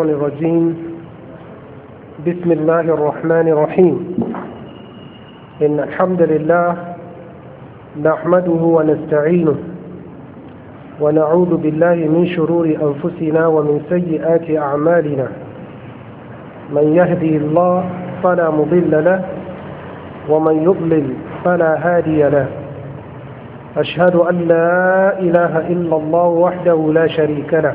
الشيطان الرجيم بسم الله الرحمن الرحيم إن الحمد لله نحمده ونستعينه ونعوذ بالله من شرور أنفسنا ومن سيئات أعمالنا من يهدي الله فلا مضل له ومن يضلل فلا هادي له أشهد أن لا إله إلا الله وحده لا شريك له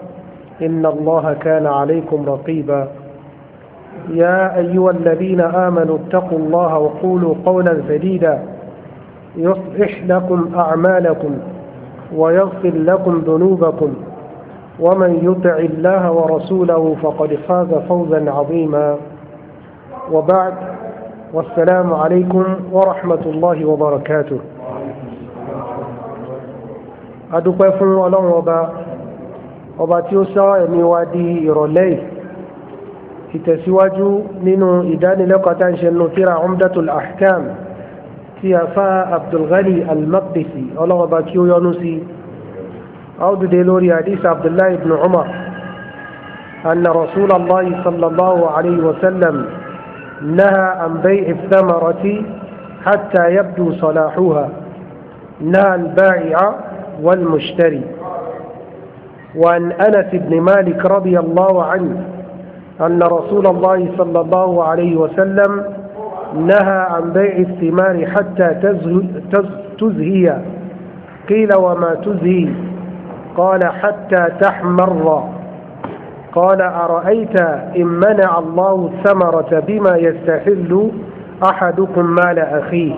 إن الله كان عليكم رقيبا يا أيها الذين آمنوا اتقوا الله وقولوا قولا سديدا يصلح لكم أعمالكم ويغفر لكم ذنوبكم ومن يطع الله ورسوله فقد فاز فوزا عظيما وبعد والسلام عليكم ورحمة الله وبركاته أدوكم الله وبركاته ọba tí ó sọ ẹ̀mí wa di ìrọ̀lẹ́ yìí ìtẹ̀síwájú nínú ìdánilẹ́kọ̀ọ́ tá ń ṣe nù tíra umdatul ahkam tí a fa abdulghani al-maqdisi ọlọ́wọ́ba kí ó yọ́nú sí áwùdíde lórí hadith abdullahi ibn umar أن رسول الله صلى الله عليه وسلم نهى عن بيع الثمرة حتى يبدو صلاحها نهى البائع والمشتري وعن أنس بن مالك رضي الله عنه أن رسول الله صلى الله عليه وسلم نهى عن بيع الثمار حتى تزهي قيل وما تزهي قال حتى تحمر قال أرأيت إن منع الله الثمرة بما يستحل أحدكم مال أخيه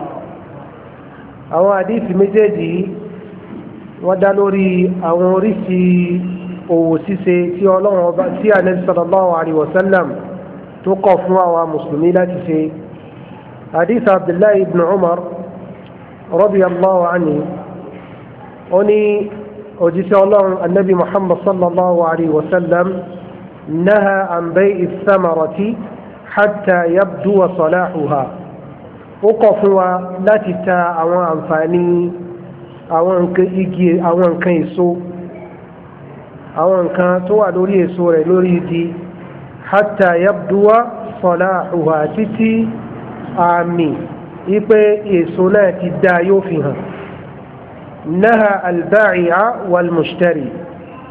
أو حديث مجدي wọ́n dá lórí àwọn oríṣi òwò ṣíṣe tí ọlọ́run ọba tí anabi sallallahu alayhi wa sallam tó kọ̀ fún àwa mùsùlùmí láti ṣe hadith abdullahi ibn umar radiyallahu anhu ó ní òjíṣẹ́ ọlọ́run anabi muhammad sallallahu alayhi wa sallam naha an bay'i thamarati ó kọ̀ fún wa láti ta àwọn àǹfààní àwọn nǹkan igi àwọn nǹkan èso àwọn nǹkan tó wà lórí èso rẹ̀ lórí igi hatta yabduwa salahuha títí àmì wípé èso náà ti dá yóò fi hàn naha alba'i'a wal mushtari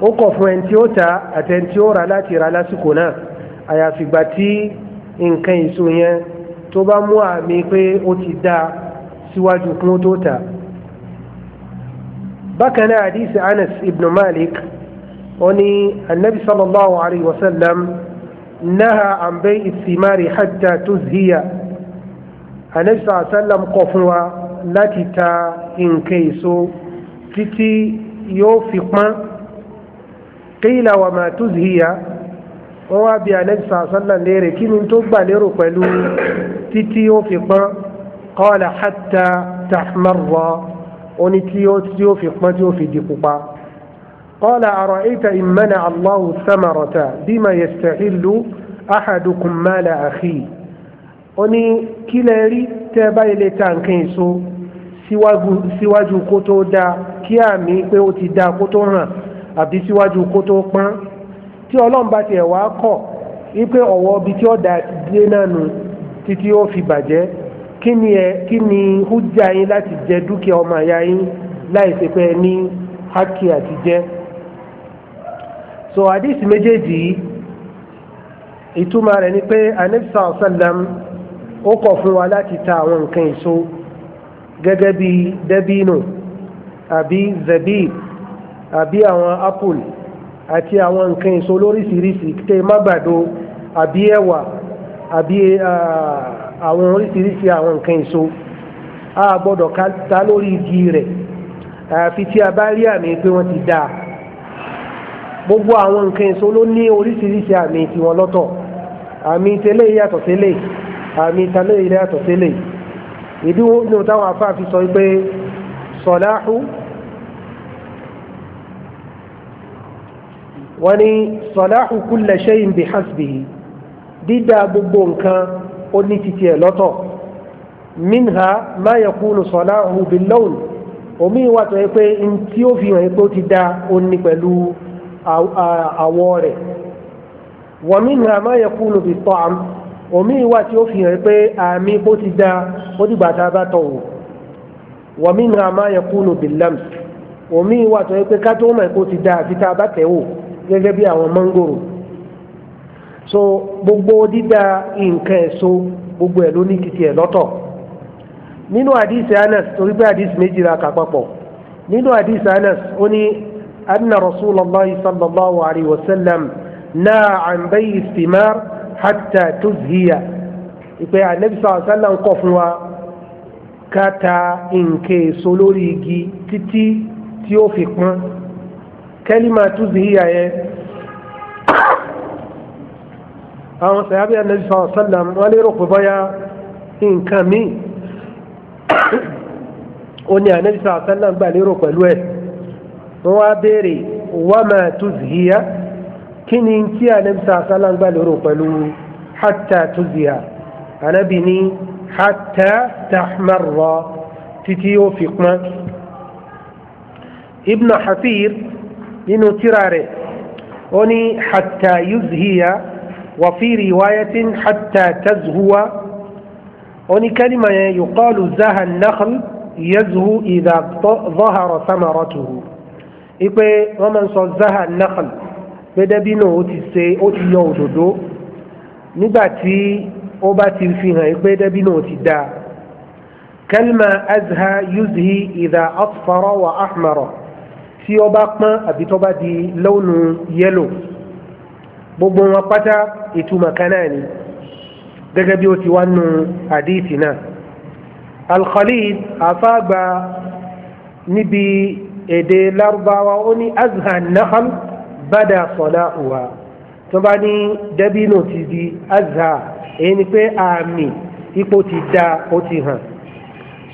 ó kọ̀ fún ẹni tí ó ta àtẹni tí ó ra láti ra lásìkò náà àyàfi tí nǹkan èso yẹn tó bá mú àmì pé ó ti dá síwájú kún ó tó ta. بكنا حديث أنس بن مالك أني النبي صلى الله عليه وسلم نهى عن بيع الثمار حتى تزهي النبي صلى الله عليه وسلم قفوا التي تا إنكيسو تتي يوفق قيل وما تزهي wọ́n wá bí anabi sàásánlá léèrè kí ni tó gbà lérò pẹ̀lú títí ó fi pọ́n qala hatta tahmarra ó ní tí ó tí ó fi pọ́n tí ó fi di pupa. قال أرأيت إن منع الله الثمرة بما يستحل أحدكم مال أخيه ó ní kí lẹ rí tẹ́ báyìí lè ta nǹkan èso síwájú kó tó dáa kí àmì pé ó ti dáa kó tó hàn àbí síwájú kó tó pọ́n tí ọlọ́run bá tiẹ̀ wá kọ̀ wípé ọ̀wọ́ ibi tí ó dé náà títí ó fi bàjẹ́ kí ni ẹ kí ni hújà yín láti jẹ dúkìá ọmọ àyà yín láì ṣe pé ní hákì àti so àdìsí méjèèjì yìí ìtumọ̀ rẹ̀ ni pé anabisa ọ̀sálàm ó kọ̀ fún wa láti ta àwọn nǹkan èso gẹ́gẹ́ bí dẹ́bínù àbí zẹ̀bí àbí àwọn apple àti àwọn nǹkan èso lóríṣiríṣi tẹ́ má gbàdo àbí ẹ̀wà àbí. Uh, àwọn oríṣiríṣi àwọn nǹkan èso a gbọ́dọ̀ ká ta lórí igi rẹ̀ àfi tí a bá rí àmì pé wọ́n ti dáa gbogbo àwọn nǹkan èso ló ní oríṣiríṣi àmì tiwọn lọ́tọ̀ àmì tẹ́lẹ̀ yàtọ̀ tẹ́lẹ̀ àmì tẹ́lẹ̀ yàtọ̀ tẹ́lẹ̀ ìdí ní táwọn afá fi sọ pé sọláhù wọ́n ní sọláhù kulla shay'in bihasbihi dídá gbogbo nǹkan ó ní títí ẹ̀ lọ́tọ̀ minha ma yakunu salahu bil-lawn omi wà tó yẹ pé ntí ó fi hàn yẹ pé ó ti da ó ní pẹ̀lú àwọ̀ rẹ̀ wa minha ma yakunu bit-ta'am omi wà tí ó fi hàn pé àmì bó ti da ó dìgbà tá a bá tọ̀ wò wa minha ma yakunu bil-lams omi wà tó yẹ pé ká mọ̀ pé ó ti da àfi tá a bá tẹ̀ wò gẹ́gẹ́ bí àwọn mọ́ngòrò so gbogbo dídá nǹkan èso gbogbo ẹ̀ ló ní titi ẹ̀ lọ́tọ̀ nínú àdìsí anas torí pé àdìsí méjì la kà papọ̀ nínú àdìsí anas ó ní anna rasulallah sallallahu alayhi wa sallam náà àǹbẹ́yì istimar hatta tuzhiya ìpè ànábì sallallahu alayhi wa sallam kọ̀ fún wa ká ta nǹkan èso lórí igi títí tí ó fi pọ́n kẹ́límà tuzhiya yẹn àwọn sàyàbí anabi sọ sálàm wọn lérò pé bóyá nǹkan míì ó ní anabi sọ sálàm gbà lérò pẹ̀lú ẹ̀ wọ́n wá béèrè wàmà tuzhiya kí ni tí anabi sọ sálàm gbà lérò pẹ̀lú hatta tuzhiya anabi ní hatta tahmarra títí yóò fi pọ́n ibn hafir nínú tírà rẹ̀ ó ní hatta yuzhiya. وفي رواية حتى تزهو أني كلمة يقال زهى النخل يزهو إذا ظهر ثمرته إيه ومن صو زهى النخل بدأ بينه أتسي أتي يوجدو نباتي أباتي فيها إيه بدأ بينه أتدا كلمة أزهى يزهي إذا أصفر وأحمر في أباقما أبي تبدي لون يلو gbogbo wọn pátá ìtumọ̀ kan náà ni gẹ́gẹ́ bí ó ti wá nu àdíìtì náà alkhalid afáàgbà níbi èdè lárúbáwá ó ní azhan nahal bada sọlá uwa tó bá ní dẹ́bínú ti di azha èyí ni pé àmì ipò ti da ó ti hàn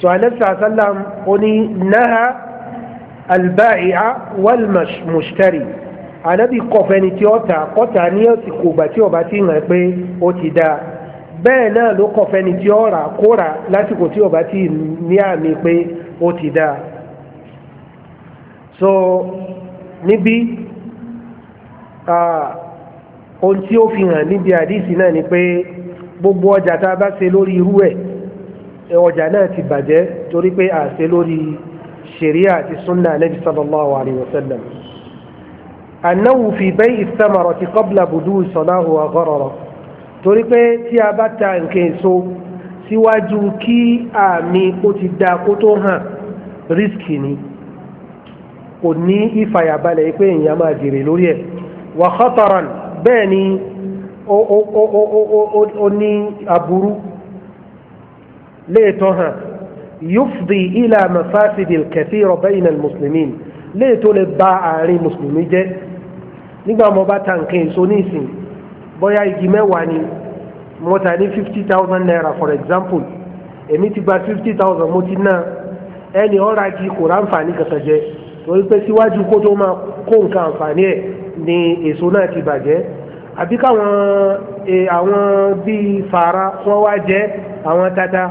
sọ alẹ́sà sálàm ó ní náà albáìá wàlmùsítẹ́rì ànábì kọfẹni tí ó ta kọta ní òsìkò ìgbà tí ọba ti hàn pé ó ti dáa bẹ́ẹ̀ náà ló kọfẹni tí ó kóra lásìkò tí ọba ti ní àmì pé ó ti dáa so níbí ohun tí ó fi hàn níbi àdìsí náà ni pé gbogbo ọjà tá a bá ṣe lórí irú ẹ̀ ọjà náà ti bàjẹ́ torí pé a ṣe lórí ṣẹ̀ríà àti súnà Ànábì sallallahu alaihi wasallam annahu fi bẹ́ẹ̀ ìsẹ́mọ̀rọ̀ ti kọ́bla budu ìsọ̀nà òwà gọ́rọ̀rọ̀ torí pé tí a bá ta nǹkan èso síwájú kí àmì ó ti da kó tó hàn rísìkì ni kò ní ìfàyàbalẹ̀ pé èèyàn máa jèrè lórí ẹ̀ wà khataran bẹ́ẹ̀ ni ó ní aburú léètọ́ hàn yufdi ila mafasidil kathira bayna al-muslimin léè tó lè ba àárín mùsùlùmí jẹ́ nígbà mo bá ta nǹkan èso ní ìsìn bóyá igi mẹ́wàá ni mo ta ní fifty thousand naira for example èmi ti gba fifty thousand mo ti ná ẹni ọ̀rọ̀ ajì kò ráǹfààní kankan jẹ torí pé síwájú kó tó máa kó nǹkan àǹfààní ẹ̀ ni èso náà ti bàjẹ́ àbí káwọn e, àwọn bíi fàrà wọn wá jẹ àwọn tata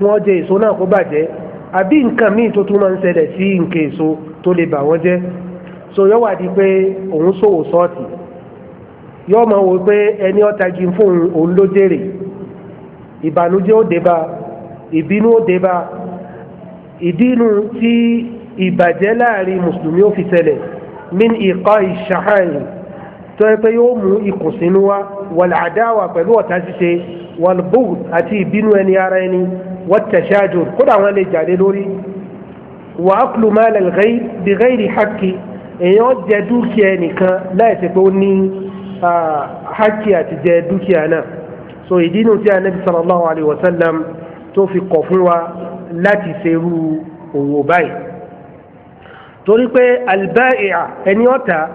wọn jẹ èso náà kó bàjẹ́ àbí nǹkan míì tó tún máa ń ṣẹlẹ̀ sí nǹkan èso tó lè bà wọ́n jẹ́ so yọ wà di pé òun ṣòwò sọ́ọ̀tì yọ máa wò pé ẹni ọ̀tá jí fóun òun ló jèrè ìbànújẹ́ ó dé bá ìbínú ó dé bá ìdínú tí ìbàjẹ́ láàrin mùsùlùmí ó fi ṣẹlẹ̀ min ìkọ́ ìṣàhàn tó yẹ pé yóò mú ìkùnsínú wá wàlàdáwà pẹ̀lú ọ̀tá ṣíṣe wàlbùd àti ìbínú ẹni ara ẹni wọ́n tẹ̀ṣáájú kódà wọn lè jáde lórí wà á kúlù máa lẹ̀ bìgẹ́rì hákì èèyàn jẹ dúkìá ẹnìkan láìsí pé ó ní hákì àti jẹ dúkìá náà so ìdí inú tí anabi sallallahu alayhi wa sallam tó fi kọ̀ fún wa láti ṣerú òwò báyìí torí pé albáìà ẹni ọ̀tá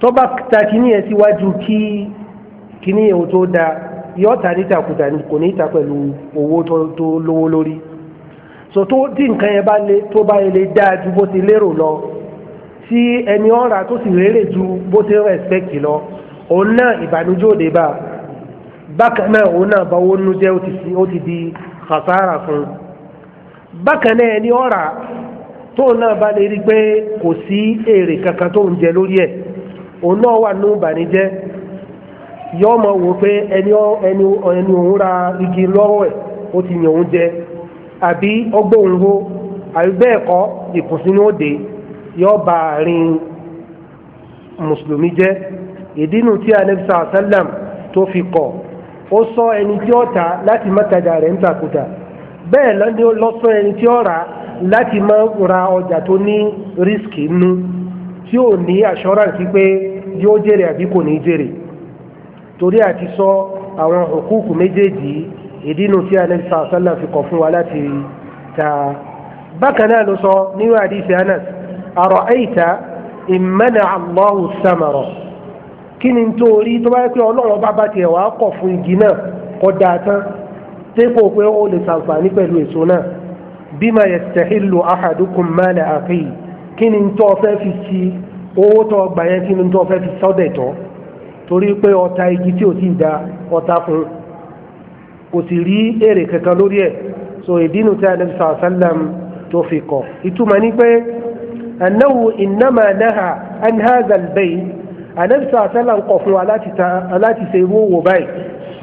tó bá ta kíní ẹ síwájú kí kíní ẹ̀ tó da yọ̀ọ̀ta níta kùtà kò ní ta pẹ̀lú owó tó lówó lórí so tó tí nǹkan yẹn bá lé tó bá yẹ lè dáa ju bó ti lérò lọ tí ẹni ọ̀rà tó sì rérè ju bó ti rẹ̀spẹ̀kì lọ òun náà ìbànújẹ́ òde bá bákan náà òun náà bá owó jẹ́ ó ti di khasara fún un bákan náà ẹni ọ̀rà tóun náà bá lè rí i pé kò sí èrè kankan tó ń jẹ lórí ẹ̀ òun náà wà nínú ìbànújẹ́ yọ́ọ́ mọ̀ wò pé ẹni òun ra igi lọ́wọ́ ẹ̀ ó ti yàn òun jẹ àbí ọgbóhùnho àbí bẹ́ẹ̀ kọ́ ìkùnsínú òde yóò bá àárín mùsùlùmí jẹ́ ìdínú tí anabisa sallam tó fi kọ̀ ó sọ ẹni tí ó ta láti má rẹ̀ ń bẹ́ẹ̀ lọ́sọ ẹni tí ó rà láti má ra ọjà tó ní rísìkì nú tí ò ní assurance pé yóò jèrè àbí kò sọ àwọn òkúùkù méjèèjì ìdínú tí anabi sàlá fi kọ̀ fún wa láti ta bákan náà ló sọ nínú àdìsí anas àrò àyíta ìmọ̀nà allahu samara kí ni nítorí tó bá yẹ pé ọlọ́run bá bá tiẹ̀ wàá kọ̀ fún igi náà kọ́ dáa tán tẹ́kọ̀ pé ó lè sàǹfààní pẹ̀lú èso náà bima yastahilu ahadukum mala akhi kí ni tó fẹ́ fi ti owó tó gbà yẹn kí ni tó fẹ́ fi sọ́dẹ̀ tọ́ torí pé ọta igi tí ò tí da ọta fún un kò sì rí èrè kankan lórí ẹ̀ so ìdínú tí anabi sàlá sàlám tó fi kọ̀ ìtumọ̀ ni pé anáwó ìnáma náà anhazalbẹ́yì anabi sàlá sàlám kọ̀ fún wa láti ṣe irú òwò báyìí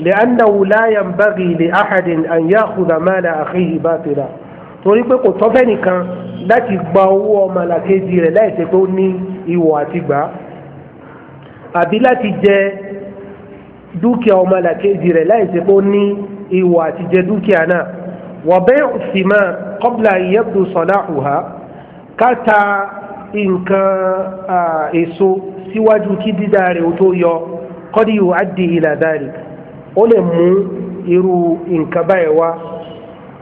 lẹ́anáwó láyà ń bàgì lè áhàdìn àyà kùdàmánà àkìyí bá ti rà torí pé kò tọ́fẹ́ nìkan láti gba owó ọmọ làkejì rẹ̀ láì ṣe pé ó ní ìwọ̀ àti gbà á àbí láti jẹ dúkìá ọmọ làkejì rẹ̀ láì ṣe pé ó ní ìwà àtijẹ dúkìá náà wa bay'u thima qabla an yabdu salahuha ká ta nǹkan èso síwájú kí dídá rẹ̀ ó tó yọ qad yu'addi ila dhalik ó lè mú irú nǹkan báyìí wá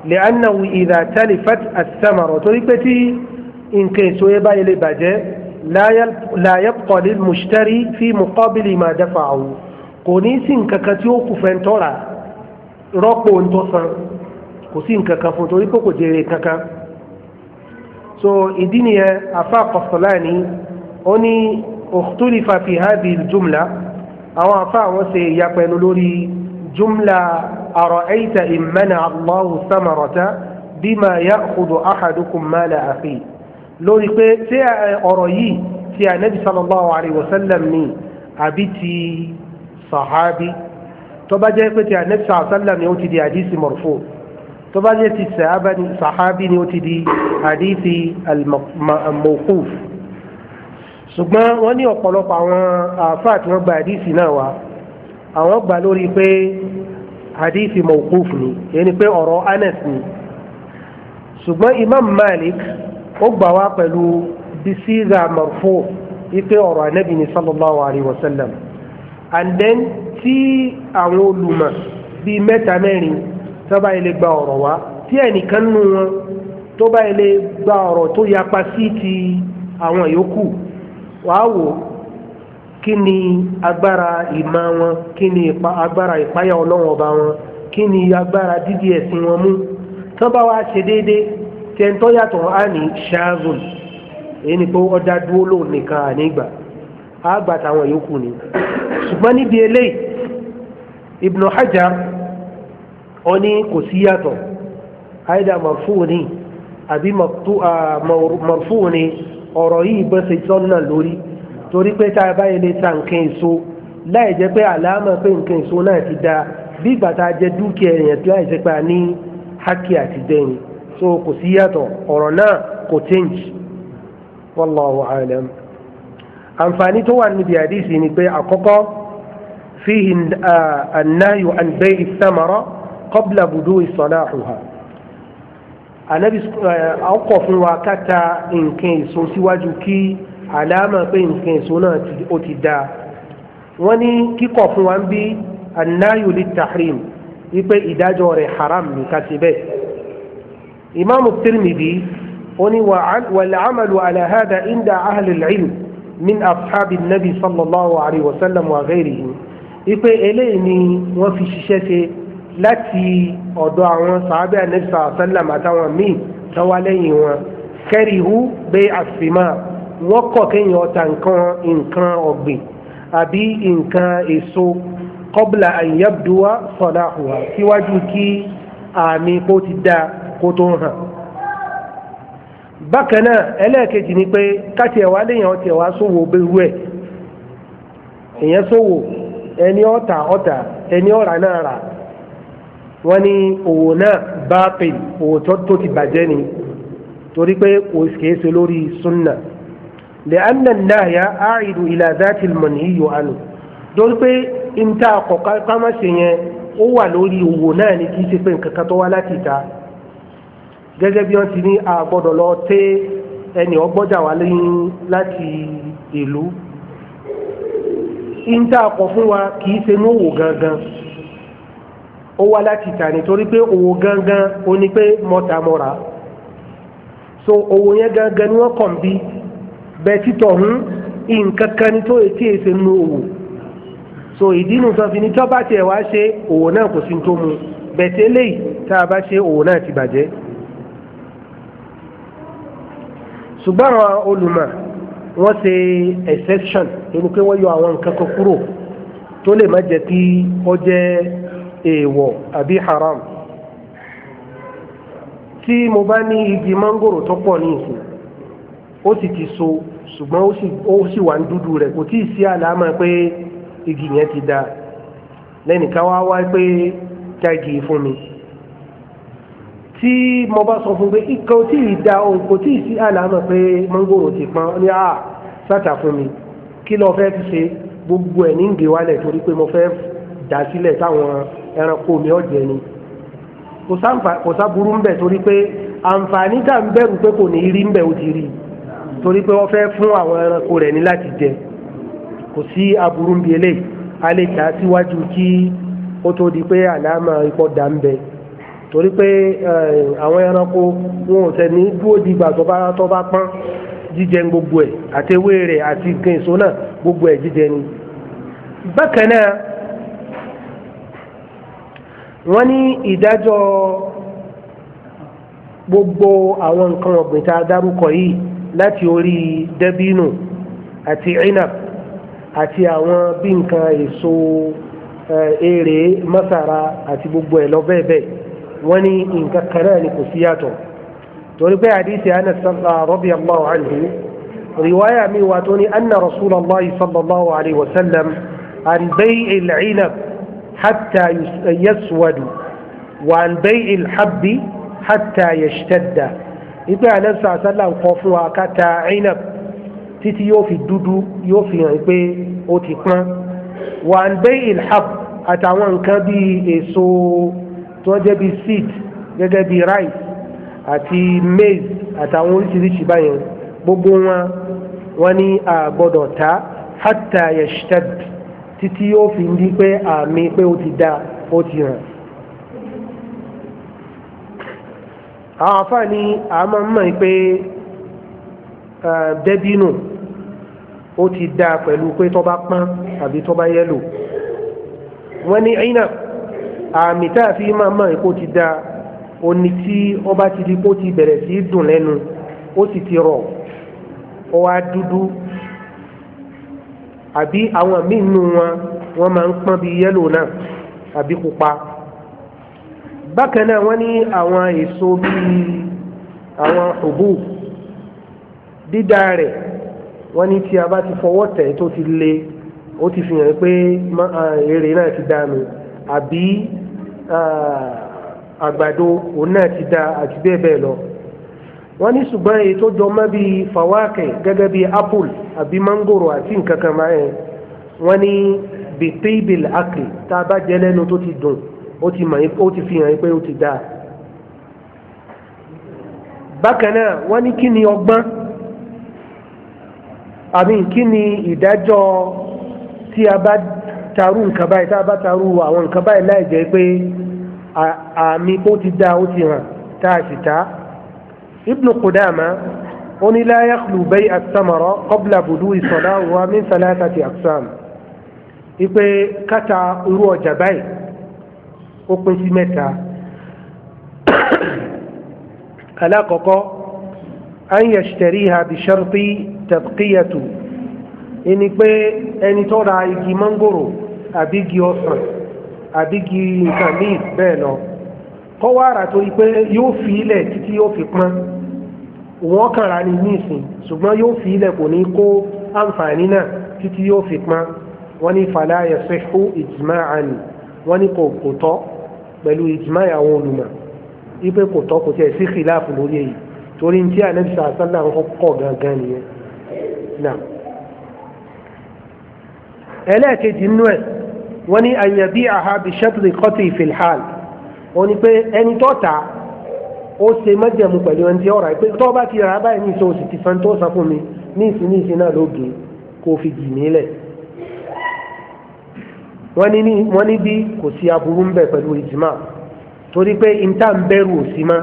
li'annahu idha talifat ath-thamara torí pé tí nǹkan èso yẹn báyìí lè bàjẹ́ la yabqa lil mushtari fi muqabili ma dafa'ahu kò ní sí nǹkan kan tí ó kù fẹ́ ń tọ́ra rọ́pò ń tọ́ san kò sí nǹkan kan fún torí pé kò jèrè kankan so ìdí nìyẹn afa Qastalani ó ní ukhtulifa fi hadhihi al-jumla àwọn afa àwọn ṣe ìyapẹnu lórí jumla ara'ayta in mana'a Allahu samarata bima ya'khudhu ahadukum mala akhihi lórí pé ṣé ọ̀rọ̀ yìí ti ànábì sallallahu alayhi wa sallam ni àbí ti sàhábì tó bá jẹ́ pé ti anabi sàlá ni ó ti di hadisi mọ̀rọ̀fò tó bá jẹ́ ti sàhábì ni ó ti di hadisi mọ̀kúf ṣùgbọ́n wọ́n ní ọ̀pọ̀lọpọ̀ àwọn àáfàá tí wọ́n gba hadisi náà wá àwọn gbà lórí pé hadisi mọ̀kúf ni yẹni pé ọ̀rọ̀ anas ni ṣùgbọ́n imam malik ó gbà wá pẹ̀lú bisiga mọ̀rọ̀fò ipe ọ̀rọ̀ anabi ni sallallahu alayhi wa sallam and then tí àwọn olùmọ̀ bíi mẹ́ta mẹ́rin tó bá ilé gba ọ̀rọ̀ wá tí ẹnìkan nù wọn tó bá ilé gba ọ̀rọ̀ tó yapa sí ti àwọn yòókù wàá wò kí ni agbára ìmọ̀ wọn kí ni agbára ìpáyà ọlọ́wọ̀n ọba wọn kí ni agbára dídí ẹ̀sìn wọn mú tó bá wá ṣe déédéé tẹ́ńtọ́ yàtọ̀ á ní ṣáàzùn èyí ni pé ọ̀dà dúró lòun nìkan ànígbà. ha táwọn yòókù ni ṣùgbọ́n níbi eléyìí Ibn Hajar ó ní kò sí yàtọ̀ àìdá mọ̀fúù àbí mọ̀fúù ọ̀rọ̀ yìí ṣe sọ́nà lórí torí pé tá a bá ta nǹkan èso ti da bí ìgbà tá a jẹ dúkìá èèyàn láì jẹ́ pé a àti dẹ́yìn so kò sí yàtọ̀ ọ̀rọ̀ náà kò àǹfààní tó wà níbi àdìsí ni pé àkọ́kọ́ fihi annayu an bay'i thamara qabla budu'i salahuha anabi ọkọ̀ fún wa káta nǹkan èso síwájú kí àlámà pé nǹkan èso náà ó ti da wọ́n ní kíkọ̀ fún wa ń bí annayu lit tahrim wípé ìdájọ́ rẹ̀ haram ní kásìbẹ̀ imaamu tirmidhi ó ní wàlàámàlú ala inda ahlil ilm min ashabi nabi sallallahu alayhi wa sallam wa ghairihi ipe eléyìí ni wọ́n fi ṣiṣẹ́ ṣe láti ọ̀dọ̀ àwọn sàábẹ anabi sallallahu sallam àtàwọn míì tó wá lẹ́yìn wọn kẹrìhù bẹ àsìmá wọ́n kọ̀ kéèyàn ọta nǹkan nǹkan ọ̀gbìn àbí nǹkan èso kọbla àyàbdùwà sọdáhùwà síwájú kí àmì kó ti dáa kó tó hàn bákan náà ẹlẹ́ẹ̀kejì ni pé káti ẹ̀wá léèyàn ti ẹ̀wá sòwò bẹ́rù ẹ̀ èèyàn sòwò ẹni ọ̀tà ọ̀tà ẹni ọ̀rà náà rà wọ́n ní òwò náà bá pè òwò tó ti bàjẹ́ ni torí pé kò kìí ṣe lórí sunna lẹ́ẹ̀nà náà yá àìdù ìlà dáàtì mọ̀nì yíyọ àná torí pé n ta àkọ́kọ́ kámá ó wà lórí òwò náà ni kì í ṣe pé nǹkan kan tó wá láti ta gẹ́gẹ́ bí wọ́n ti ní a gbọ́dọ̀ lọ tẹ́ ẹni ọgbọ́jà wá lẹ́yìn láti ìlú ìńtà ọkọ̀ fún wa kì í ṣe ní òwò gangan ó wá láti tà nítorí pé òwò gangan ó ní pé mọ̀tàmọ́ra so òwò yẹn gangan ni wọ́n kàn bí bẹ́ẹ̀ títọ̀ hún nǹkan kan ní tó etí èsè nínú òwò so ìdí inú sọ fi ní tọ́ bá tiẹ̀ wá ṣe òwò náà kò sí tó mu bẹ̀tẹ̀ léyìí tá a bá ṣe òwò náà ti bàjẹ́. ṣùgbọ́n àwọn olùmọ̀ wọ́n ṣe exception nínú pé wọ́n yọ àwọn nǹkan kan kúrò tó lè haram tí mo bá ní igi mangoro tó pọ̀ ní ìsìn ó sì ti so ṣùgbọ́n ó sì wà ní dúdú rẹ̀ kò igi yẹn ti da lẹ́nìkan wá wá pé jági fún mi. tí mo bá sọ fún pé ikọ̀ tí ì da ohun kò tí ì sí àlámọ̀ pé mọ́ngòrò ti pọ́n ní à sátà fún mi kí lọ fẹ́ fi ṣe gbogbo ẹ̀ ní ń gé wálẹ̀ torí pé mo fẹ́ dà sílẹ̀ táwọn ẹranko mi ọ̀jẹ̀ ni kò sáburú ń bẹ̀ torí pé àǹfààní tá à ń bẹ̀rù pé kò ní rí ń bẹ̀ ó ti rí torí pé wọ́n fẹ́ fún àwọn ẹranko rẹ̀ ní láti jẹ kò sí aburú ń bi eléyìí a lè kà á síwájú kí ó tó di pé àlámọ̀ ikọ̀ dà ń bẹ̀ torí pé àwọn ẹranko wọn ò tẹ̀lé dúró di ìgbà tó bá tó bá pọ́n jíjẹ gbogbo ẹ̀ àti ewé rẹ̀ àti nǹkan èso náà gbogbo ẹ̀ jíjẹ ni. bákan náà wọ́n ní ìdájọ́ gbogbo àwọn nǹkan ọ̀gbìn tá a dárúkọ yìí láti orí dẹ́bínù àti inab àti àwọn bí nǹkan èso èrè masara àti gbogbo ẹ̀ lọ bẹ́ẹ̀ bẹ́ẹ̀ wọ́n ní nǹkan kan náà ni kò sí yàtọ̀ torí pé àdìsí anas radiyallahu anhu riwaya mi wà tó ní anna rasulallah sallallahu alayhi wa sallam an bay'i al-inab hatta yaswadu wa an bay'i al-habbi hatta yashtadda ipe anas sallam kọ̀ fún wa ká ta inab títí yóò fi dúdú yóò fi hàn pé ó ti pọ́n wa an bay'i al-habb àtàwọn nǹkan bíi èso tó jẹ́ bíi seed gẹ́gẹ́ bíi rice àti maize àtàwọn oríṣiríṣi báyẹn gbogbo wọn wọn ní a ta hatta yashtad títí ó fi ń di pé àmì pé ó ti da ó ti hàn. àwọn àǹfààní àmọ́ mọ̀ pé dẹ́bínù ó ti da pẹ̀lú pé tó bá pọ́n àbí tó bá yẹ́lò wọ́n ní ẹ̀yìn náà àmì tá a fi máa mọ èkó ti da oní tí ó bá ti di kó ti bẹ̀rẹ̀ sí í dùn lẹ́nu ó sì ti rọ̀ ó wá dúdú àbí àwọn míì nù wọn wọn máa ń pọ́n bí yẹ́lò náà àbí pupa bákan náà wọ́n ní àwọn èso bíi àwọn òbú dídá rẹ̀ wọ́n ní tí a bá ti fọwọ́ tẹ̀ tó ti le ó ti fi hàn pé èrè náà ti dànù àbí Ah, àgbàdo òun náà ti da àti bẹ́ẹ̀ bẹ́ẹ̀ lọ wọ́n ní ṣùgbọ́n èyí tó jọ mọ́ bíi fàwákẹ́ gẹ́gẹ́ bíi apple àbí mangoro àti nǹkan kan máa yẹn wọ́n ní bìtíbìl akè tá a bá jẹ lẹ́nu tó ti dùn ó ti fi hàn pé ó ti dáa. bákan náà wọ́n ní kí ni ọgbọ́n àmì kí ni ìdájọ́ tí a bá tarú nǹkan báyìí tá a bá tarú àwọn nǹkan báyìí láì jẹ́ pé àmì ó ti dá ó ti hàn tá a sì ta Ibn Qudama ó ní la yakhlu bay' as-samara qabla budu'i salaha min thalathati aqsam ipe kata irú ọjà báyìí ó pín sí mẹ́ta alákọ̀ọ́kọ́ an yashtariha bi sharti tabqiyatu ẹni pé ẹni tó ra igi mangoro àbígi ọ̀sán àbígi nǹkan míì bẹ́ẹ̀ lọ kọ́ wá ara torí pé yóò fi ilẹ̀ títí yóò fi pọ́n wọ́n kàn ra ní nísìn ṣùgbọ́n yóò fi ilẹ̀ kò ní kó àǹfààní náà títí yóò fi pọ́n wọ́n ní fàlà ayẹ̀fẹ́ ìjìmá àní wọ́n ní kò kò tọ́ pẹ̀lú ìjìmá àwọn olùmọ̀ ipe kò tọ́ kò tiẹ̀ sí kìláàfù lórí èyí torí tí ànábì sàásánlá ń kọ́ gangan nìyẹn ẹlẹ́ẹ̀kejì nínú ẹ̀ wọ́n ní àyàbí àhábi ṣẹ́tìlì kọ́tì ìfìlhàl wọ́n ní pé ẹni tó ta ó ṣe májẹ̀mú pẹ̀lú ẹni tí ó rà pé tó bá ti rà báyìí ní ìṣòwò sì ti san tó san fún mi ní ìsìn ní ìsìn náà lóge kó fi jì nílẹ̀ wọ́n ní bí kò sí aburú ń bẹ pẹ̀lú ìjìmá torí pé ìta ń bẹ̀rù òsì má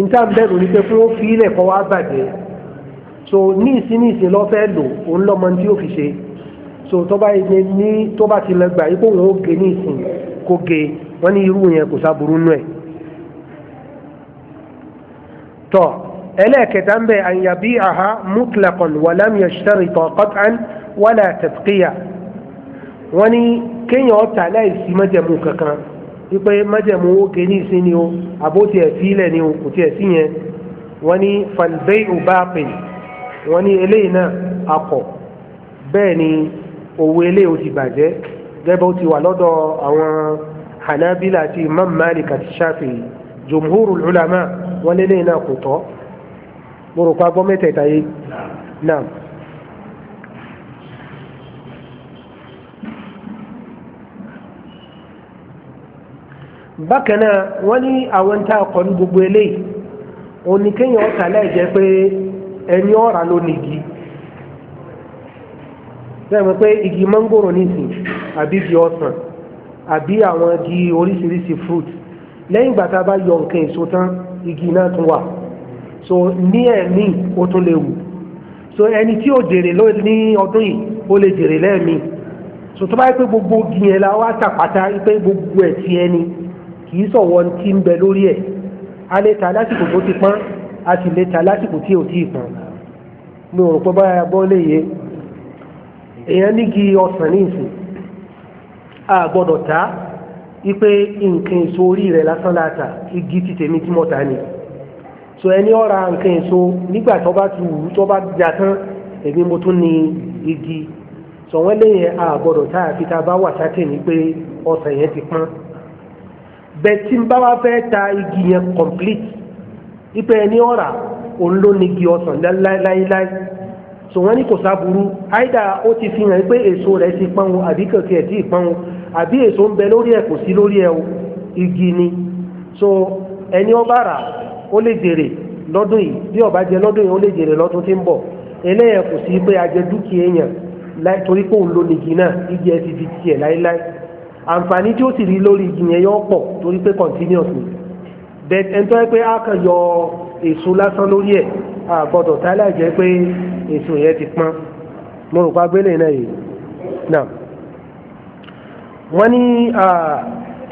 ìta ń bẹ̀rù ni pé fún ó fi ilẹ̀ kọ́ wá bàjẹ́ so ní ìsìn ní ìsìn lò òun lọ́mọ tí ó fi ṣe so tó bá ilé ní tó bá ti lọ gbà yí pé òun ó gé ní ìsìn kó gé wọ́n ní irú yẹn kò sáburú nù ẹ̀. tọ́ ẹlẹ́ẹ̀kẹta ń bẹ an yabi'aha mutlaqan wa lam yashtarita qat'an wala tadqiya wọ́n ní kéèyàn tà láìsí májẹ̀mú kankan wípé májẹ̀mú ó gé ní ìsìn ni o àbó tiẹ̀ sílẹ̀ ni o kò tiẹ̀ sí yẹn wọ́n ní falbay'u baqin wọ́n ní eléyìí náà akọ̀ bẹ́ẹ̀ ni òwe ilé o ti bàjẹ́ gẹ́gẹ́ ti wà lọ́dọ̀ àwọn hanabila àti imam malik àti shafi jumhuru ulama wọn lélẹ́yìn náà kò tọ́ mo rò pa gbọ́ mẹ́tẹ̀ẹ̀ta yìí náà. bákan náà wọ́n ní àwọn tá a kọ́ ní gbogbo eléyìí òun ọ̀tá láì jẹ́ pé ẹni ọ̀rà ló nìyí sẹ́yìn pé igi mọ́ngòrò nìsín àbí igi ọsàn àbí àwọn igi oríṣiríṣi fruit lẹ́yìn ìgbà tá a bá yọ nǹkan èso tán igi náà tún wà so ní ẹ̀mí ó tún lè wù so ẹni tí ó jèrè ní ọdún yìí ó lè jèrè lẹ́ẹ̀mí so tó bá yẹ pé gbogbo igi yẹn la wá tàpátá pé gbogbo ẹ̀ ti ẹni kì í sọ̀wọ́ ti ń bẹ lórí ẹ̀ a lè ta lásìkò tó ti pọ́n a sì lè ta lásìkò tí ò tí ì pọ́n mi ò rò pé báyà gbọ́ lè yé èèyàn nígi ọ̀sán ní ìsìn a ta ipe nǹkan èso orí rẹ̀ lásán láta igi ti tèmi tí mo ta ni so ẹni ọ̀ra nǹkan èso nígbà tó bá ti wù ú tó bá já tán èmi mo tún ní igi sọ wọ́n léyìn a gbọ́dọ̀ ta àfi tá bá wà sátẹ̀ ní pé ọ̀sán yẹn ti pọ́n bẹ́ẹ̀ tí n bá wá fẹ́ ta igi yẹn complete ipe ẹni ọ̀ra òun ló ní igi ọ̀sán láíláí so kosa ní kò sáburú àìdá ó ti fi hàn pé èso rẹ̀ ti pọ́n àbí kẹ̀kẹ́ ẹ̀ tí ì pọ́n àbí èso ń bẹ lórí ẹ̀ so ẹni ọba rà ó lè jèrè lọ́dún yìí bí ọba jẹ lọ́dún yìí ó lè jèrè lọ́dún tí ń bọ̀ kò sí pé ajẹ torí pé òun náà igi ẹ ti tiẹ̀ àǹfààní tí torí pé continuous ni bẹ́ẹ̀ àgbọ̀dọ̀ tálẹ̀ jẹ́ pé èso yẹn ti pọ́n mo rò pa gbélé náà yìí náà wọ́n ní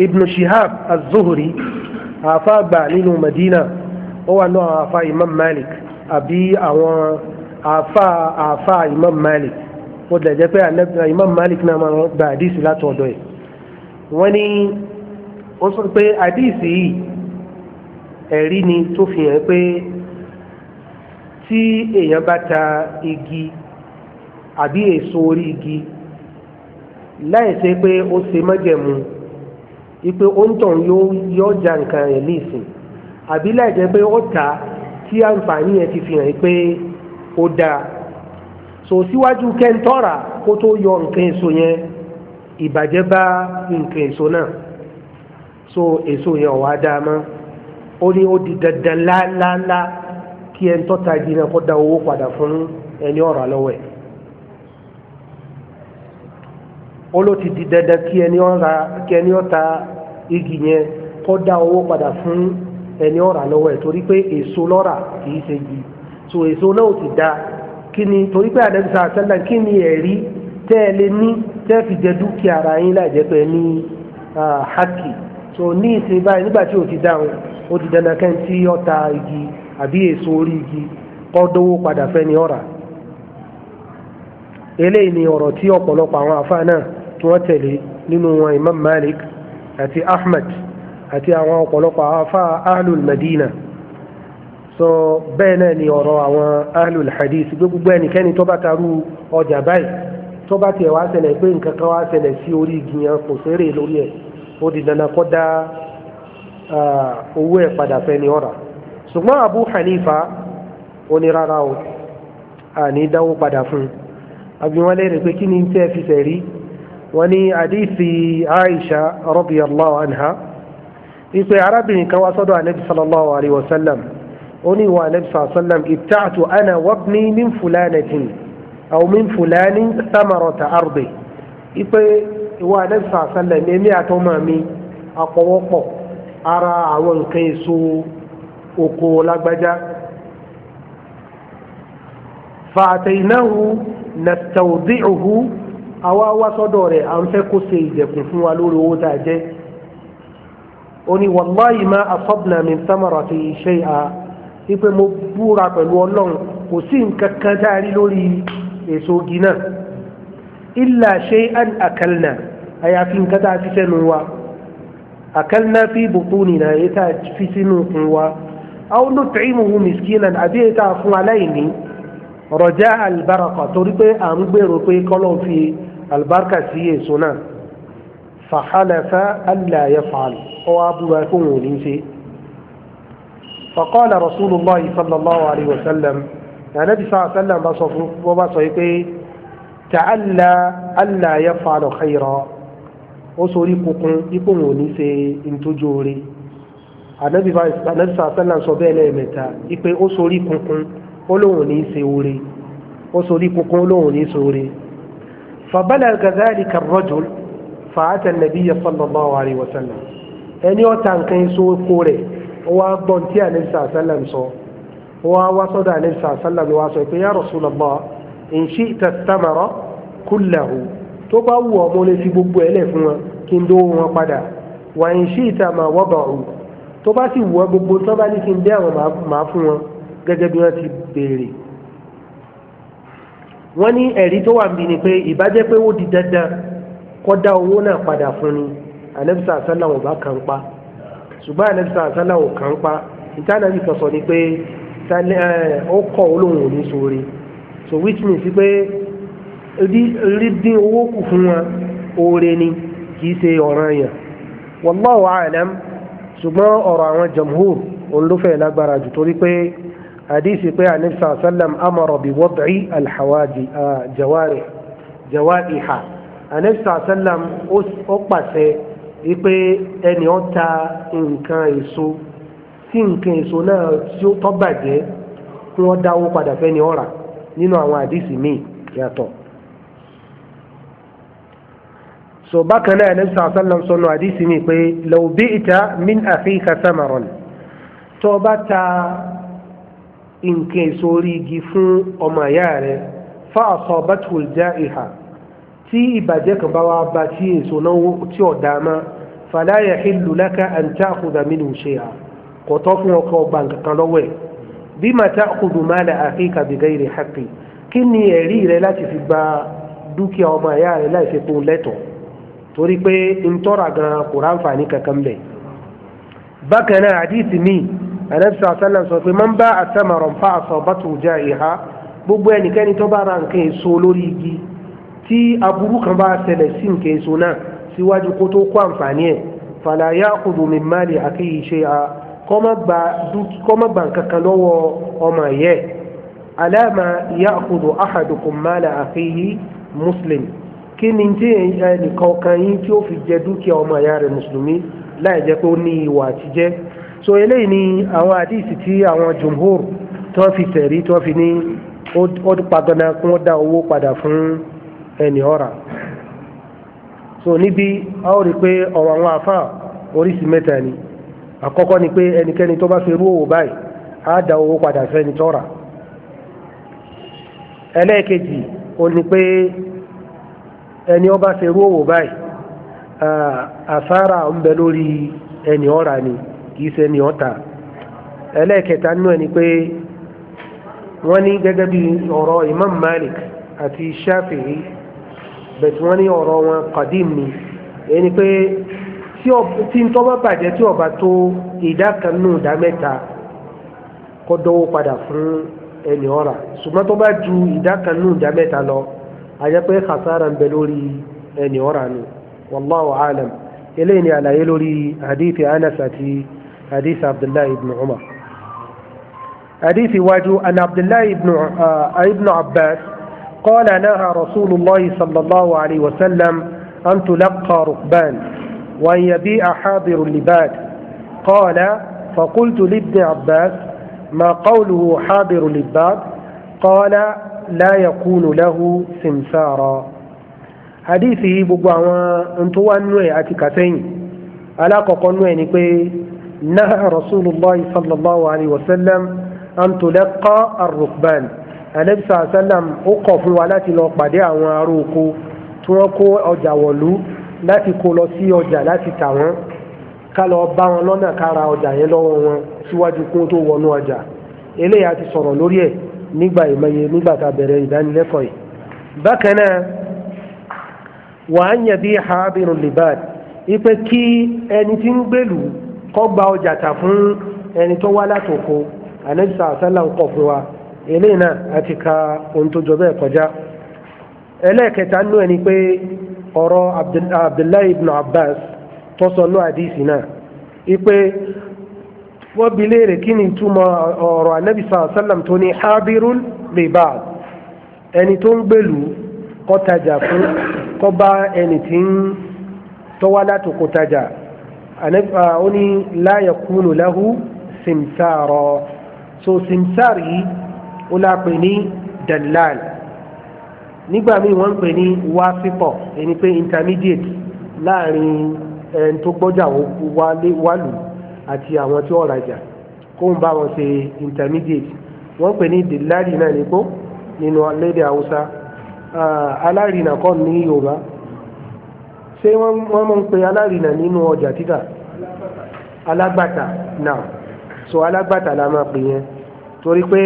ibn shihab az-zuhri àfa àgbà nínú madina ó wà náà àfa imam malik àbí àwọn àfa àfa imam malik ó dẹ̀ jẹ́ pé imam malik náà máa gba àdìsí láti ọ̀dọ̀ ẹ̀ wọ́n ní ó sọ pé àdìsí yìí ẹ̀rí ni tó fi hàn pé tí èèyàn bá ta igi àbí èso orí igi láìsí pé ó ṣe májẹ̀mú ipe oúntàn yóò ja nǹkan rẹ̀ ní ìsìn àbí láìjẹ́ pé ó ta tí àǹfààní yẹn ti fi pé ó dáa so síwájú kẹ́ńtọ́ra kó tó yọ nǹkan èso yẹn ìbàjẹ́ bá nǹkan èso náà so èso yẹn ò wá dáa mọ́ ó ní ó di dandan láláńlá. La, la, la kí ẹn tọ́ta igi náà kó da owó padà fún ẹni ọ̀rọ̀ lọ́wọ́ ẹ̀ ó ló ti di dandan kí ẹni ọ̀ta igi yẹn kó da owó padà fún ẹni ọ̀rọ̀ lọ́wọ́ ẹ̀ torí pé èso lọ́ra kì ṣe igi so èso náà ò ti da kí ni torí pé àdẹ́sà àtẹ́lẹ̀ kí ni ẹ̀rí tẹ́ ẹ lè ní tẹ́ fi jẹ dúkìá ara yín láì jẹ́ pé ní hákì so ní ìsìn báyìí nígbà tí ò ti dáhùn ó ti dandan kẹ́ntì ọ̀ta igi àbí èso orí igi kọ́ dówó padà fẹ́ni ọ̀rà eléyìí ni ọ̀rọ̀ tí ọ̀pọ̀lọpọ̀ àwọn àfa náà tí wọ́n tẹ̀lé nínú wọn Imam Malik àti Ahmad àti àwọn ọ̀pọ̀lọpọ̀ àfa ahlul Madina so bẹ́ẹ̀ náà ni ọ̀rọ̀ àwọn ahlul hadith gbogbo ẹnikẹ́ni tó bá tarú ọjà báyìí tó bá tiẹ̀ wá ṣẹlẹ̀ pé nǹkan kan wá ṣẹlẹ̀ sí orí igi yẹn kò sérè lórí ẹ̀ ó di dandan kó dá owó ẹ̀ padà fẹ́ ni ọ̀rà ṣùgbọ́n Abu Hanifa onírara o àní dáwó padà fún abiwọn lẹ́rìí pé kí ni tẹ́ fi sẹ̀rí wọ́n ní àdífi Aisha radiyallahu anha ipe arábìnrin kan wá sọ́dọ̀ anabi sallallahu alayhi wa sallam ó ní ìwà anabi sallallahu alayhi wa sallam ibta'tu ana wabni min fulanatin aw min fulanin samarata ardi ipe ìwà anabi sallallahu alayhi wa sallam èmi àtọmọ mi àpọwọ́pọ̀ ara àwọn nǹkan èso oko lágbájá fàtẹ̀yìnáhu nàtàwùdíhù àwa wá sọ́dọ̀ rẹ̀ à ń fẹ́ kó ṣe ìjẹ̀kùn fún wa lórí owó tá a jẹ́ ó ní wàláyì má asọ́bùnà mi sámàrà ti ṣe à wípé mo búra pẹ̀lú ọlọ́run kò sí nǹkan kan tá a rí lórí èso igi náà illa shay'an akalna àyàfi nǹkan tá a fi sẹ́nu wa akalna fi butunina èyí tá a fi sínú kun wa aw nut'imuhu miskinan àbí èyí tá a fún aláìní rọjá alibaraka torí pé à ń gbèrò pé kọ́lọ́n fi alibarika sí èso náà fàhálàfà alla yaf'al ọ wá búra fún òun ní ṣe. faqala rasulullah sallallahu alayhi wa sallam nànàbí sàlá sàlám bá sọ fún wọn bá sọ yìí pé ta'alla alla yaf'al khayra ó anabi sàlám sọ bẹ́ẹ̀ lẹ́ẹ̀mẹ́ta ipe ó sorí kunkun ó lóun ní í ṣe oore ó sorí kunkun ó lóun ní í ṣe oore. فبلغ ذلك الرجل فأتى النبي صلى الله عليه وسلم ẹni ọ̀tá nǹkan iṣu kó rẹ̀ wá gbọ́n tí anabi sàlám sàlám sọ wá wá sọ́dọ̀ anabi sàlám sàlám wá sọ pé ya Rasulullah in shi'ta ath-thamara kullahu tó bá wù ọ́ lè fi gbogbo ẹ̀ lẹ̀ fún wọn kí n dó wọn padà wa in shi'ta ma tó bá sì wọ gbogbo tó bá ní kí n bẹ́ àwọn màá fún wọn gẹ́gẹ́ bí wọ́n ti béèrè wọ́n ní ẹ̀rí tó wà níbi ni pé ìbájẹ́ pé ó di dandan kọ́ dá owó náà padà fún ni anabisa asala ò bá kàn pa ṣùgbọ́n anabisa asala ò kàn pa ìtànàbí kan sọ ni pé ó kọ́ olóhùn ò sóore so which means pé rí dín owó kù fún wọn oore ni kì í ṣe ọ̀ranyàn wallahu a'lam ṣùgbọ́n ọ̀rọ̀ àwọn jamhur olùfẹ́ lágbára jù torí pé hadisi pé anabi sallam amara bi wad'i alhawaji jawari jawaiha anabi sallam ó pàṣẹ wípé ẹni ó ta nǹkan èso tí nǹkan èso náà tí ó tó bàjẹ́ kí wọ́n dáwó padà fẹ́ni ọ̀rà nínú àwọn hadisi míì yàtọ̀. so bákan náà ẹni sàn sálàm sọnù àdìsí mi pé law bi'ta min akhika samaran tó o bá ta nǹkan èso orí igi fún ọmọ ìyá rẹ fa asabathu al-ja'iha tí ìbàjẹ́ kan bá wá bá tí èso náà tí ò dáa mọ́ fala yahillu laka an ta'khudha minhu shay'a kò tọ́ fún ọkọ ọgbà nǹkan lọ́wọ́ ẹ̀ bima ta'khudhu mala akhika bighayri haqqi kí ni ẹ̀rí rẹ láti fi gba dúkìá ọmọ ìyá rẹ láì fi kún lẹ́tọ̀ọ́ torí pé ntọ́ra gan kò ráǹfààní kankan bẹ̀. bákan náà àdìsí mi anabi sọ àṣà náà sọ pé máa ń bá àtàmọ̀ràn fa àṣà ọba tó jẹ́ ìhá gbogbo ẹnikẹ́ni tó bá ra nǹkan èso lórí igi tí aburú kan bá ṣẹlẹ̀ sí nǹkan èso náà síwájú kó tó kó àǹfààní ẹ̀ fala ya'khudhu min mali akhihi shay'a kọ́mọ́ gbà kankan lọ́wọ́ ọmọ ẹ̀yẹ́ alama ya'khudhu ahadukum mala akhihi muslim. kí ni tí ẹnìkan kan yín tí ó fi jẹ dúkìá ọmọ ìyá rẹ̀ mùsùlùmí láì jẹ́ pé ó ní ìwà so eléyìí ni àwọn àdìsí tí àwọn jumhur tí fi tẹ̀rí tí fi ní ó padànà kí wọ́n dá owó padà fún ẹnì ọ̀rà so níbi a ó rí i pé ọ̀rọ̀ àwọn ni àkọ́kọ́ ni pé ẹnikẹ́ni tó bá fi rú òwò báyìí á owó padà ẹlẹ́ẹ̀kejì ó ní pé ẹni ọba ṣe rú afara báyìí lori ń bẹ lórí ẹni ọ̀rà ni kì ṣe ẹni ọ̀tà ẹlẹ́ẹ̀kẹta nínú ẹni Imam Malik àti Shafi'i bẹ̀tù wọ́n ní ọ̀rọ̀ wọn kadim ni ẹni pé tí ń tọ́ba bàjẹ́ tí ọba tó ìdá kan nù ìdá mẹ́ta kọ́ dọ́wọ́ padà fún ẹni ọ̀rà ṣùgbọ́n tó ju ìdá kan àjẹ́ pé khasara ń bẹ lórí ẹni ọ̀rà ni wallahu alam eléyìí ni àlàyé lórí hadith anas àti hadith abdullahi ibn umar hadith iwájú an abdullahi ibn uh, abbas قال نهى رسول الله صلى الله عليه وسلم أن تلقى ركبان وأن يبيع حاضر لباد قال فقلت لابن عباس ما قوله حاضر للباب قال لا يكون له سمسارا حديثه gbogbo àwọn ntó wá nú ẹ àti kàtẹ́yìn alákọ̀ọ́kọ́ nú ẹ ni pé نهى رسول الله صلى الله عليه وسلم أن تلقى الركبان النبي صلى الله عليه وسلم ọkọ̀ fún wa láti lọ pàdé àwọn aróko tí wọ́n kó ọjà wọ̀lú láti kó lọ sí ọjà láti tà wọ́n ká lọ bá wọn lọ́nà ká ọjà yẹn lọ́wọ́ wọn síwájú kún tó wọnú ọjà eléyà ti sọ̀rọ̀ lórí ẹ̀ nígbà ìmọye nígbà tá a bẹ̀rẹ̀ ìdánilẹ́kọ̀ọ́ yìí bákan náà wàá yàn bí habirun libad ipe kí ẹni tí ń gbèlú kọ́ gba ọjà tà fún ẹni tó wá látòkò ànẹ́bísà àṣálà ń kọ̀ fún wa eléyìí náà àti ka ohun tó jọ bẹ́ẹ̀ kọjá ẹlẹ́ẹ̀kẹta nú ẹni pé ọ̀rọ̀ abdullahi ibn abbas tó sọ àdìsí náà ipe wọ́n bi léèrè kí ni túmọ̀ ọ̀rọ̀ anabi sàlám tó ní habirun ribad ẹni tó ń gbèlú kó tajà fún kó bá ẹni tí ń tọ́wá láti kó tajà ó ní la yakunu lahu simsaro so simsar yìí ó lápè ní dalal nígbà míì wọ́n ń pè ní wásípọ̀ ẹni pé intermediate láàrin ẹni tó gbọ́jà wálù àti àwọn tí wọ́n rajà kó ń bá wọn ṣe intermediate wọ́n pè ní dìláàdì náà ní kó nínú lédè haúsá ah, alárìnà kọ́ ní yorùbá ṣé wọ́n máa ń pe alárìnà nínú ọjà títà alágbàtà náà so alágbàtà la máa pè yẹn torí pé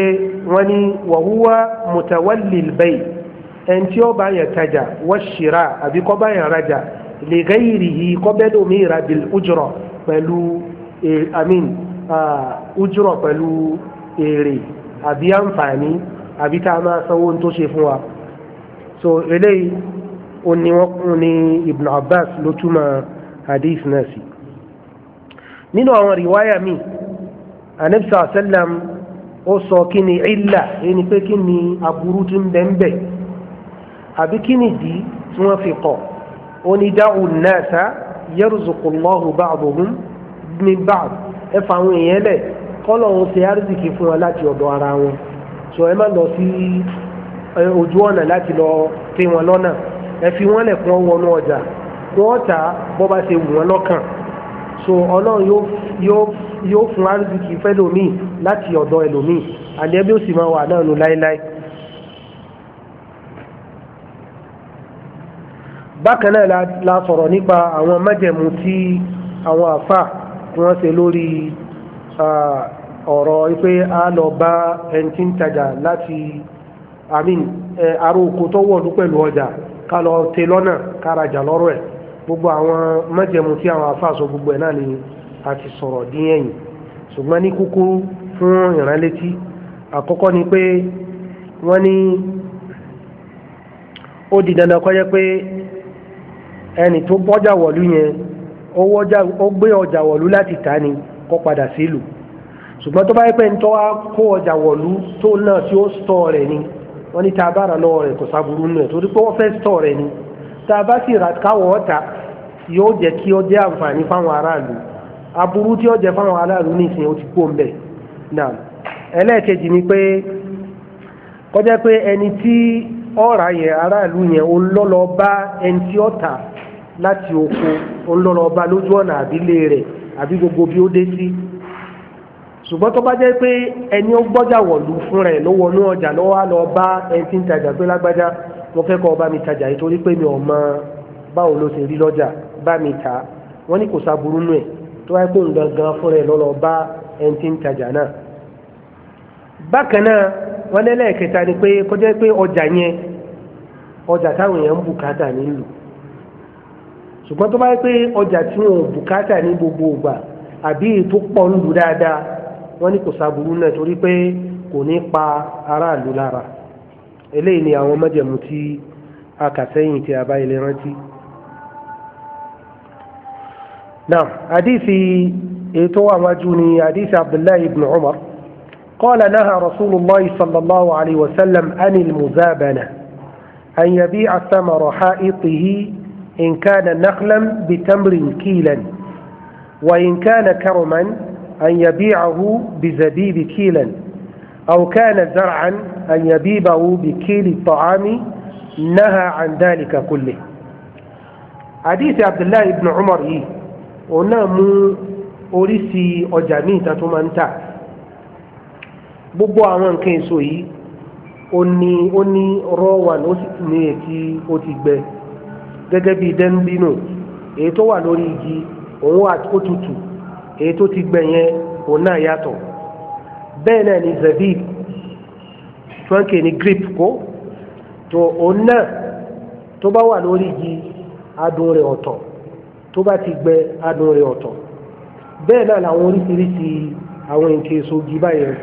wọ́n ní wàhúwá mutawalli al-bay tí ó bá yẹn tajà wash-shira àbí kó bá yẹn rajà li ghayrihi kó bẹ́ẹ̀ lómi ìrà bil pẹ̀lú E, amin ujúrọ̀ uh, pẹ̀lú èrè àbí àǹfààní àbí ká máa sanwó tó ṣe fún wa so eléyìí ó ní wọ́n kún ní Ibn Abbas ló túmọ̀ hadith náà sí nínú àwọn rìwáyà mi anabisa sallam ó sọ kí ni illa ẹni pé kí ni aburú tí ń bẹ ń bẹ àbí kí ni dì tí wọ́n fi kọ̀ ó ní da'u an-nasa yarzuqu Allahu min ba'd ẹ fa àwọn èèyàn lẹ̀ kọ́lọ̀ ń ṣe àrísìkì fún wọn láti ọ̀dọ̀ ara wọn so ẹ má lọ sí ojú ọ̀nà láti lọ pé wọn lọ́nà ẹ fi wọn lẹ̀ kí wọ́n wọnú ọjà kí wọ́n bọ́ bá ṣe wù wọ́n lọ́kàn so ọlọ́run yóò fún àrísìkì fẹ́lòmíì láti ọ̀dọ̀ ẹlòmíì àlẹ́ bí ó sì máa wà náà nù láéláé. bákan náà la sọ̀rọ̀ nípa àwọn májẹ̀mú tí àwọn àfáà tí wọ́n ṣe lórí ọ̀rọ̀ ipé a lọ bá ẹni tí ń tajà láti tó pẹ̀lú ọjà ká lọ tẹ lọ́rọ̀ ẹ̀ gbogbo àwọn tí àwọn afáàsọ gbogbo ẹ̀ náà ni a ti sọ̀rọ̀ dín ẹ̀yìn ṣùgbọ́n ní fún ìránlétí àkọ́kọ́ ni pé wọ́n ní ó di dandan ó gbé ọjà wọ̀lú láti ta ni kó padà sílùú ṣùgbọ́n tó bá yẹ pé ń tọ́ wá kó ọjà wọ̀lú tó náà tí ó stọ̀ rẹ̀ ni wọ́n ní tá lọ́wọ́ rẹ̀ kò sábúrú nù ẹ̀ torí pé wọ́n fẹ́ stọ̀ rẹ̀ ni tá a bá sì rà káwọ̀ ọ̀tà yóò jẹ́ kí ó jẹ́ àǹfààní fáwọn aráàlú aburú tí ó jẹ́ fáwọn aráàlú nìsín ó ti kó ń bẹ̀ náà ẹlẹ́ẹ̀kejì ni pé kọjá pé ẹni tí ọ̀rà yẹn aráàlú yẹn ó lọ́lọ́ bá ẹni tí ọ̀tà láti oko olólọba lójú ọ̀nà àbílé rẹ̀ àbí gbogbo bí ó dé sí ṣùgbọ́n tó bá jẹ́ pé ẹni ó gbọ́jà wọ̀lú fún rẹ̀ ló wọnú ọjà lọ́wọ́ á lọ bá ẹni tí ń tajà pé ọba mi tajà yìí torí pé mi ò mọ báwo ló ṣe rí lọ́jà bá mi ta wọ́n ní kò sáburú nù ẹ̀ tó wáyé pé òun gangan fún rẹ̀ lọ́lọ́ bá ẹni tí ń tajà náà. bákan náà ni pé kọjá pé ọjà yẹn ọjà táwọn èèyàn ṣùgbọ́n tó bá yẹ pé ọjà tí wọn ò bùkátà ní gbogbo ìgbà àbí ètò pọ̀ ń lù dáadáa wọ́n ní kò sábùrú náà torí pé kò ní pa aráàlú lára eléyìí ni àwọn májẹ̀mú tí a kà sẹ́yìn tí a bá ilé rántí. náà àdìsí ètò àwájú ni àdìsí abdullahi ibn umar قال نهى رسول الله صلى الله عليه وسلم عن المزابنة أن يبيع ثمر إن كان نخلا بتمر كيلا وإن كان كرما أن يبيعه بزبيب كيلا أو كان زرعا أن يبيبه بكيل الطعام نهى عن ذلك كله حديث عبد الله بن عمر إيه ونامو أوريسي أجامي تتمنتع gbogbo àwọn nǹkan èso yìí ó ní ó ní raw one ní èyí ó ti gbẹ gẹ́gẹ́ bíi dẹ́nbínú èyí tó wà lórí igi òun ó tutù èyí tó ti gbẹ òun náà yàtọ̀ bẹ́ẹ̀ náà ni zabib tí wọ́n ń pè ní grip kó tó òun náà tó bá wà lórí igi adùn rẹ̀ ọ̀tọ̀ tó bá ti gbẹ adùn rẹ̀ ọ̀tọ̀ bẹ́ẹ̀ náà làwọn oríṣiríṣi àwọn nǹkan èso igi báyẹn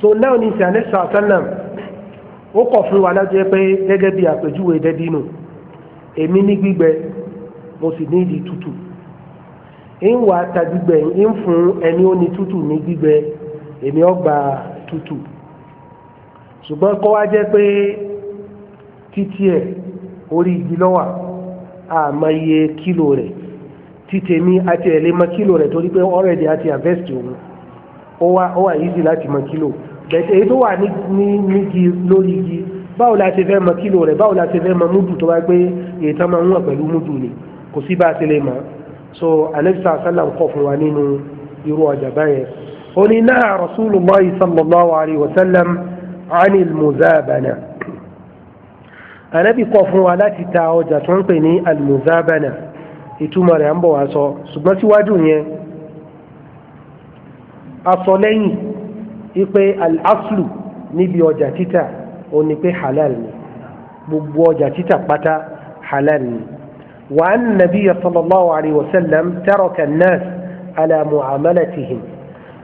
so náà ni sàn ẹ̀sán àtàlàm ó kọ̀ fún wa lájẹ́ pé gẹ́gẹ́ bí àpèjúwe dẹ́bínú. No èmi ní gbígbẹ mo sì ní ìdí tútù ń wà ta gbígbẹ ń fún ẹni ó ní tútù ní gbígbẹ èmi ó tútù ṣùgbọ́n kọ́ wá jẹ́ pé títí ẹ̀ orí igi lọ́wà àmọ́ kílò rẹ̀ títẹ̀mí àti ẹ̀lẹ́ mọ kílò rẹ̀ torí pé ọ̀rẹ́dì àti àvẹ́sì òun ó wà easy láti mọ kílò bẹ̀tẹ̀ èyí tó wà ní igi báwo la ṣe fẹ́ mọ kílò rẹ̀ báwo la ṣe fẹ́ mọ múdù tó wáyé pé ètò máa ń wà pẹ̀lú múdù ni kò sí bá a ṣe lè mọ̀ so anabisa sallam kọ̀ fún wa nínú irú ọjà báyẹn ó ní náà rasulullah sallallahu alayhi wa sallam anil muzabana anabi kọ̀ fún wa láti ta ọjà tó ń pè ní almuzabana ìtumọ̀ rẹ̀ à ń bọ̀ wá sọ ṣùgbọ́n síwájú yẹn a sọ lẹ́yìn ipe al-aslu níbi ọjà títà ó ní pé halal ni gbogbo ọjà títà pátá halal ni wa an nabiyya sallallahu alayhi wa sallam taraka an-nas ala mu'amalatihim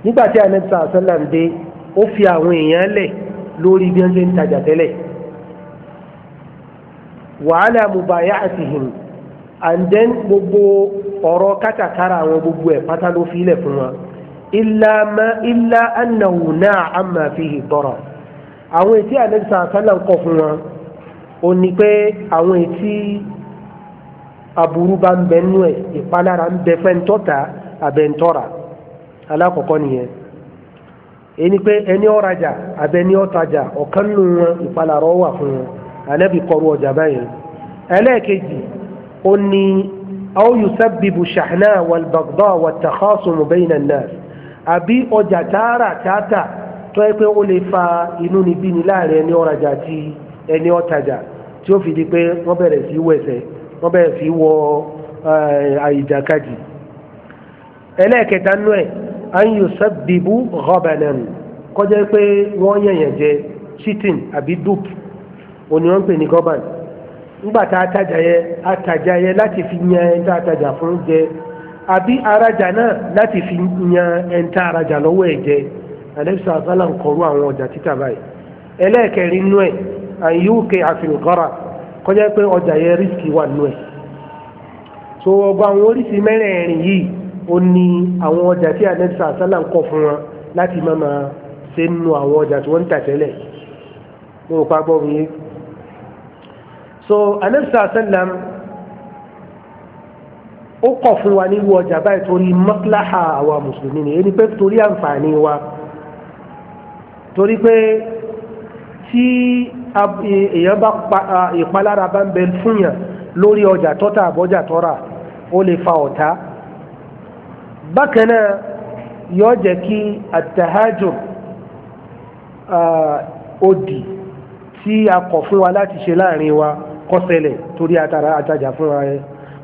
nígbà tí anabi sallallahu alayhi wa sallam dé ó fi àwọn èèyàn lẹ̀ lórí bí wọ́n ṣe ń tajà tẹ́lẹ̀ wa ala mubaya'atihim and then gbogbo ọ̀rọ̀ kátàkárà àwọn gbogbo ẹ̀ pátá ló fi ilẹ̀ fún wa illa ma illa annahu na'a amma fihi darar àwọn ètí àlẹ́bísà àtàlà ń kọ̀ fún wọn ó ní pé àwọn ètí aburú bá ń bẹ nú ẹ̀ ìpalára ń bẹ fẹ́ntọ́ta àbẹ̀ntọ́ra alákọ̀ọ́kọ́ nìyẹn ẹni pé ẹni ọ̀rajà àbẹ̀ni ọ̀tajà ọ̀kan nù wọn ìpalára ọ̀wà fún wọn àlẹ́bí kọrú ọjà báyìí ẹlẹ́ẹ̀kejì ó ní aw yusabbibu shahna wal baghdha wat takhasum àbí ọjà tààrà tààtà tó yẹ pé ó lè fa inú ni bí ni láàrin ẹni ọ̀rajà àti ẹni ọ̀tajà tí ó fi di pé wọ́n bẹ̀rẹ̀ sí wẹ̀sẹ̀ wọ́n bẹ̀rẹ̀ sí wọ eh, àìjàkadì. ẹlẹ́ẹ̀kẹta nú ẹ̀ anyu sábìbù rọ́bẹ̀nẹ̀m kọjá pé wọ́n yẹ̀yẹ̀ jẹ àbí ń pè fi yan ẹni tá a tajà fún jẹ àbí arajà náà fi yan ẹni tá alẹ́sà sálà ń kọrú àwọn ọjà títà báyìí ẹlẹ́ẹ̀kẹrin nú ẹ̀ àyíwùkẹ àfìlùkọ́ra kọjá pé ọjà yẹn rísìkì wà nú ẹ̀ so ọgbà àwọn oríṣi mẹ́rẹ̀ẹ̀rin yìí ó ní àwọn ọjà tí alẹ́sà sálà ń fún wọn láti má máa ṣe nú àwọn ọjà tí wọ́n ń tà tẹ́lẹ̀ mo rò pa gbọ́ mi yé so alẹ́sà sálà ó kọ̀ fún wa nírú ọjà báyìí torí mọ́kíláhà àwa mùsùlùmí ni ẹni pé torí àǹfààní wa torí pé tí e- èèyàn bá ìpalára bá ń bẹ fún yàn lórí ọjà tọ́ta àbọ́jà tọ́ra ó lè fa ọ̀tá bákan náà yóò jẹ́ kí àtàhájùm òdì tí a kọ̀ fún wa láti ṣe láàrin wa kó torí àtàjà fún wa yẹn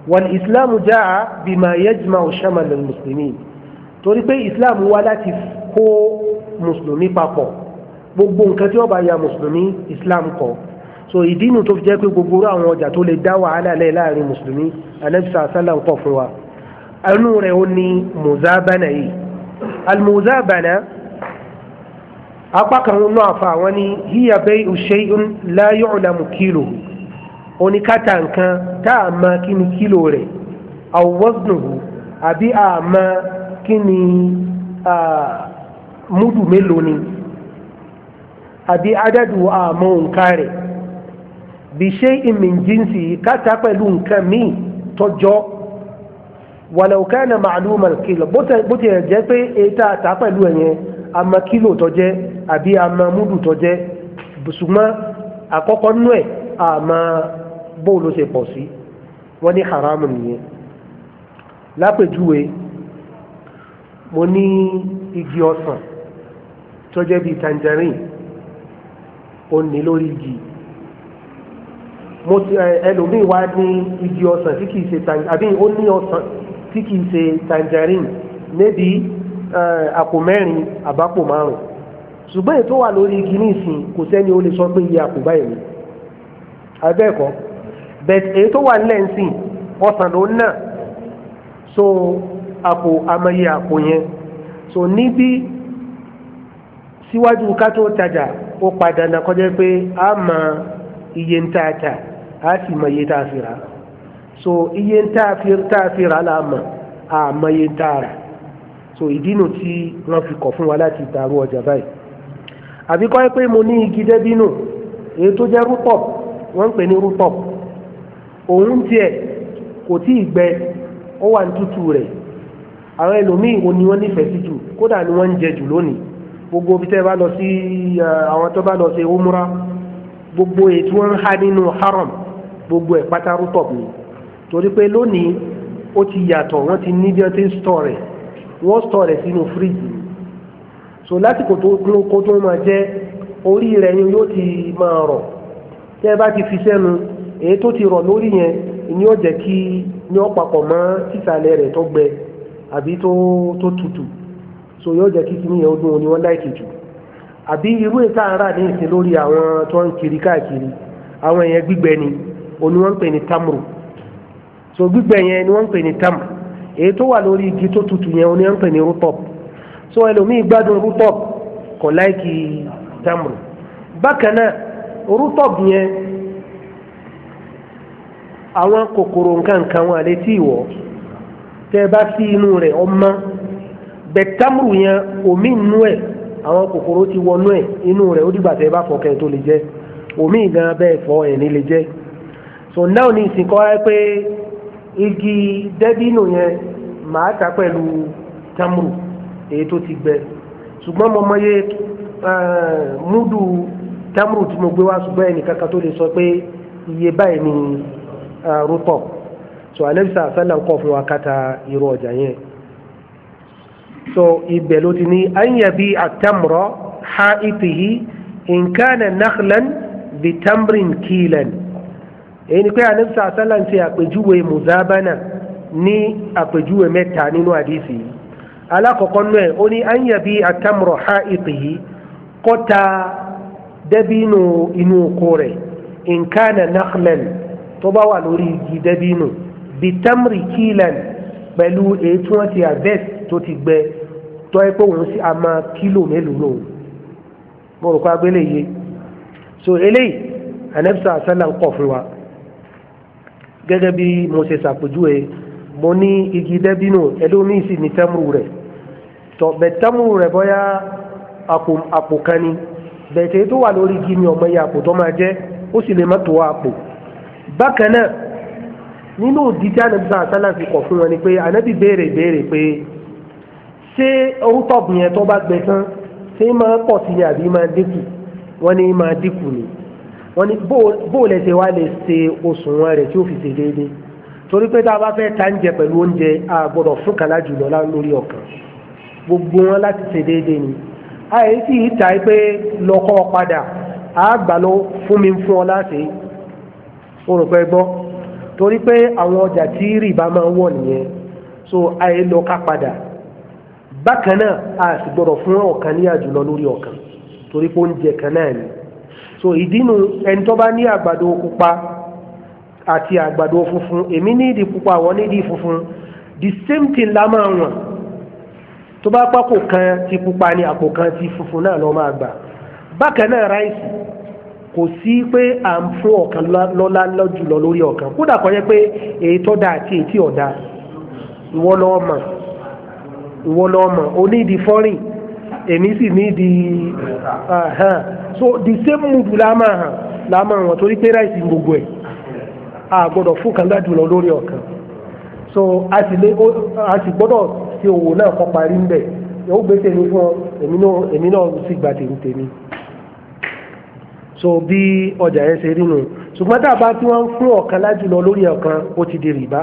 wal islam jaa bima yajma'u shamal al muslimin torí pé islam wá láti kó mùsùlùmí papọ̀ gbogbo nǹkan tí wọ́n bá ya mùsùlùmí islam kọ́ so ìdínú tó fi jẹ́ pé gbogbo àwọn ọjà tó lè dá wàhálà lẹ̀ láàrin mùsùlùmí anabisa sálà ń kọ́ fún wa ẹnu rẹ̀ ó ní mùzábánà yìí almùzábánà apá kan náà fa àwọn ní hiya bay'u shay'un la kìlò oníkàtà nǹkan tá a mọ kí ni kílò rẹ̀ aw waznuhu àbí a mọ kí ni. Ah, Mudu mélòó ni àbí adádù àmọ́ nǹkan rẹ̀ bí ṣé ìmìjínsì káta pẹ̀lú nǹkan míì tọjọ́ walau kana ma'lumal kìlọ̀ bó ti rẹ̀ jẹ́ pé ètà àtà pẹ̀lú ẹ̀yẹn àmọ́ kílò tọ́jẹ́ àbí àmọ́ múdù tọ́jẹ́ ṣùgbọ́n àkọ́kọ́ nú ẹ̀ àmọ́ bóòlù ṣe pọ̀ sí wọ́n ní haramu nìyẹn lápèjúwe mo ní igi ọsàn tó jẹ́ bíi tangerine ó ní lórí igi mo ti ẹlòmíì wá ní igi ọsàn tí kìí ṣe tangerine àbí ó ní ọsàn tí kìí ṣe tangerine níbi àpò mẹ́rin àbápò márùn ṣùgbọ́n ètò wà lórí igi nísìn kò sẹ́ni ó lè sọ pé iye àpò báyìí ni abẹ́ẹ̀kọ́ bẹ̀t èyí tó wà nílẹ̀ ń sìn ọsàn ló ń nà so àpò amẹ́yẹ àpò yẹn so níbi síwájú ká tó tajà ó padà náà kọjá pé a mọ iye ń tà tà a sì mọ iye tá a fi so iye ń tà a fi rà là mọ a mọ iye ń tà rà so ìdí nu tí wọ́n fi kọ̀ fún wa láti dàrú ọjà báyìí àbíkọ́ pé mo ní igi dẹ́bínú èyí tó jẹ́ rúpọ̀ wọ́n ń pè ní rúpọ̀ òun tiẹ̀ kò tí ì gbẹ ó wà ní tútù rẹ̀ àwọn ẹlòmíì wo ni wọ́n nífẹ̀ẹ́ sí jù kódà ni wọ́n ń jẹ jù lónìí gbogbo bí tẹ́ bá lọ sí eh, àwọn tó bá lọ sí umra gbogbo ètò wọn há nínú haram gbogbo ẹ̀ pátá rútọ̀bù ni torí pé lónìí ó ti yàtọ̀ wọ́n ti ní bí wọ́n ti ń stọ̀ rẹ̀ wọ́n stọ̀ rẹ̀ sínú fíríjì so lásìkò tó kó tó máa jẹ́ orí rẹ̀ ni yóò ti máa rọ̀ tẹ́ bá ti fi sẹ́nu èyí tó ti rọ̀ lórí yẹn ni ó jẹ́ kí ni ó papọ̀ mọ́ sísàlẹ̀ rẹ̀ tó gbẹ àbí tó tutù so yóò jẹ́ kí kí nìyẹn ó dún òní wọ́n láìkì jù àbí irú ìta ara ní ìsìn lórí àwọn tó ń kiri káàkiri àwọn èèyàn gbígbẹ ni òní wọ́n ń pè ní tamru so gbígbẹ yẹn ni wọ́n ń pè ní tam èyí tó wà lórí igi tó tutù yẹn òní wọ́n ń pè ní rutop so ẹlòmíì gbádùn rutop kò láìkì tamru bákan náà rutop yẹn àwọn kòkòrò nǹkan nǹkan wọn àlétí ìwọ tẹ bá sí inú rẹ̀ ọmọ bẹ̀tàmùrù yẹn omi nú ẹ̀ àwọn kòkòrò ti wọnú ẹ̀ inú rẹ̀ ó dìgbà tẹ́ ẹ bá fọ kẹ́ tó lè jẹ omi ìgan bẹ́ẹ̀ fọ ẹ̀ lè jẹ so now ní ìsìn ẹ pé igi dẹ́bínú yẹn màá ta pẹ̀lú tàmùrù èyí tó ti gbẹ ṣùgbọ́n mo mọye múdù tàmùrù tí mo gbé wá ṣùgbọ́n ẹnì kankan tó lè sọ pé iye báyìí ni rúpọ̀ so alẹ́ bí sàásà là ń kọ́ fún wa káta irú ọjà yẹn so ibẹ̀ ló ti ní anyabi atamrọ ha ipihi nkana nakhlan bitamrin kilan èyí ni pé anabisa asala ń ṣe àpèjúwe muzabana ní àpèjúwe mẹ́ta nínú àdìsí yìí alakọkọ nù ẹ ó ní anyabi atamrọ ha ipihi kọta dẹbìnú inú oko rẹ nkana nakhlan tó bá wà lórí igi dẹbìnú bitamri kilan pẹ̀lú ètò àti abẹ́t tó ti gbẹ tọ́ ẹ pé òun sí a máa kílò mélòó lòun agbélé so eléyìí anabisa asálà ń kọ̀ fún wa gẹ́gẹ́ bí mo ṣe mo ní igi dẹ́bínú ẹlòmíì sì ní tẹ́mù rẹ̀ tọ́ bẹ̀ tẹ́mù rẹ̀ bọ́yá àpò kan ni bẹ̀tẹ̀ tó wà lórí igi ni ọmọ yẹ àpò tó máa jẹ́ ó sì lè má tó àpò bákan náà nínú kọ̀ fún wọn ni pé béèrè béèrè pé. ṣé orútọ̀bù yẹn tó bá gbẹ tán ṣé máa pọ̀ sí ni àbí máa dínkù wọ́n ní máa dínkù ni wọ́n ní bó lè ṣe wá lè ṣe òṣùwọ̀n rẹ̀ tí ó fi ṣe déédéé torí pé tá a bá fẹ́ ta ń pẹ̀lú oúnjẹ a gbọ́dọ̀ fún kàlá jùlọ lórí ọ̀kan gbogbo wọn láti ṣe déédéé ni àyè sì ta pé lọ́kọ́ padà àgbà ló fún mi fún ọ láti o gbọ́ torí pé àwọn ọjà tí rìbá máa wọ̀ nìyẹn so àyè lọ́ka padà bákan náà a sì gbọ́dọ̀ fún ọ̀kan ní àjùlọ lórí ọ̀kan torí pé oúnjẹ kan náà ni so ìdínú ẹni tó bá ní àgbàdo pupa àti àgbàdo funfun èmi ní ìdí pupa àwọn ní ìdí funfun the same thing la máa wọ̀n tó bá pákó kan ti pupa ni àpò kan ti funfun náà lọ máa gbà bákan náà ráìsì kò sí pé à ń fún ọ̀kan lọ́lá lọ́jùlọ lórí ọ̀kan kódà kò yẹ pé èyí tó dáa àti èyí tí ò dáa ìwọ lọ́ọ́ mọ̀ ìwọ lọ́mọ o need foreign èmi sì need so the same mood la máa hàn la máa wọ̀n torí pé ráìsì gbogbo ẹ̀ a gbọ́dọ̀ fún kan láti lọ lórí ọ̀kan so a sì lé a sì gbọ́dọ̀ ṣe òwò náà kọ́ parí ń bẹ̀ yóò gbé tèmi fún ọ èmi náà sì gba tèmi tèmi so bí ọjà yẹn ṣe rí nù ṣùgbọ́n tá a bá tí wọ́n ń fún ọ̀kan láti lọ lórí ọ̀kan ó ti di rìbá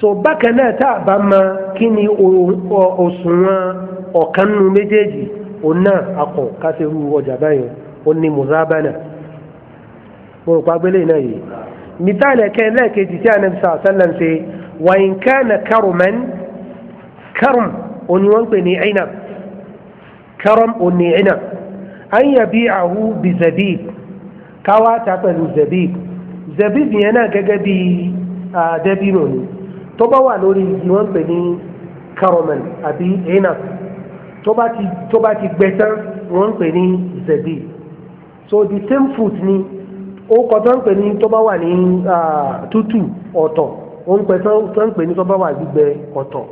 so bákan náà tá a bá mọ kí ni òṣùwọ̀n ọ̀kan nínú méjèèjì òun náà akọ̀ kásìrú ọjà báyìí ó ní mùsàbánà mo rò pa gbélé náà yìí mìtáàlì ẹ̀kẹ́ lẹ́ẹ̀kejì tí anabi sàlá sàlám ṣe wàyín kánà kárùmẹ́n kárùm òní wọ́n ń pè ní ẹ̀nà kárùm òní ẹ̀nà ànyàbí àhú bí zabib káwá ta pẹ̀lú zabib zabib yẹn náà gẹ́gẹ́ bí ah, dẹ́bìrò ni tó bá wà lórí igi wọ́n ń pè ní caromen àbí enaf tó bá ti gbẹ tán wọ́n pè ní zebi so the same fruit ni ó kọ tó ń pè ní tó bá wà ní tútù ọ̀tọ̀ ó ń pè tó ń pè ní tó bá wà gbígbẹ ọ̀tọ̀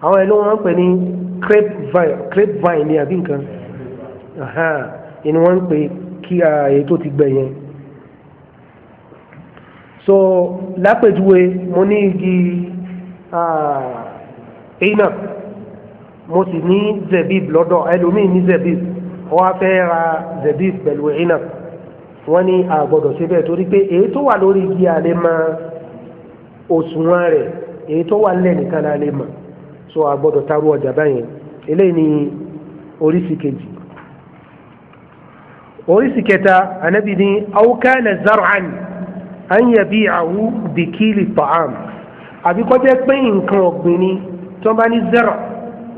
àwọn ẹni wọ́n pè ní grapevine grapevine ni àbí nǹkan ẹni wọ́n ń pè kí ààyè tó ti gbẹ yẹn so lápèjúwe mo ní igi Ah, iná mo sì ní zebib lọ́dọ̀ ẹlòmíì ní zebib wọ́n á fẹ́ ra zebib pẹ̀lú iná wọ́n ní àgbọ̀dọ̀ síbẹ̀ torí pé èyí tó wà lórí igi àlè máa òṣùwọ̀n rẹ̀ èyí tó wà lẹ́ nìkan la lè mọ̀ so àgbọ̀dọ̀ taru ọjà báyẹn eléyìí ni oríṣi kejì oríṣi kẹta anabi ni awukana zar'an an yabi'ahu bikili ta'am àbí kọ́ jẹ́ pé nǹkan ọ̀gbìn ni tí wọ́n bá ní zero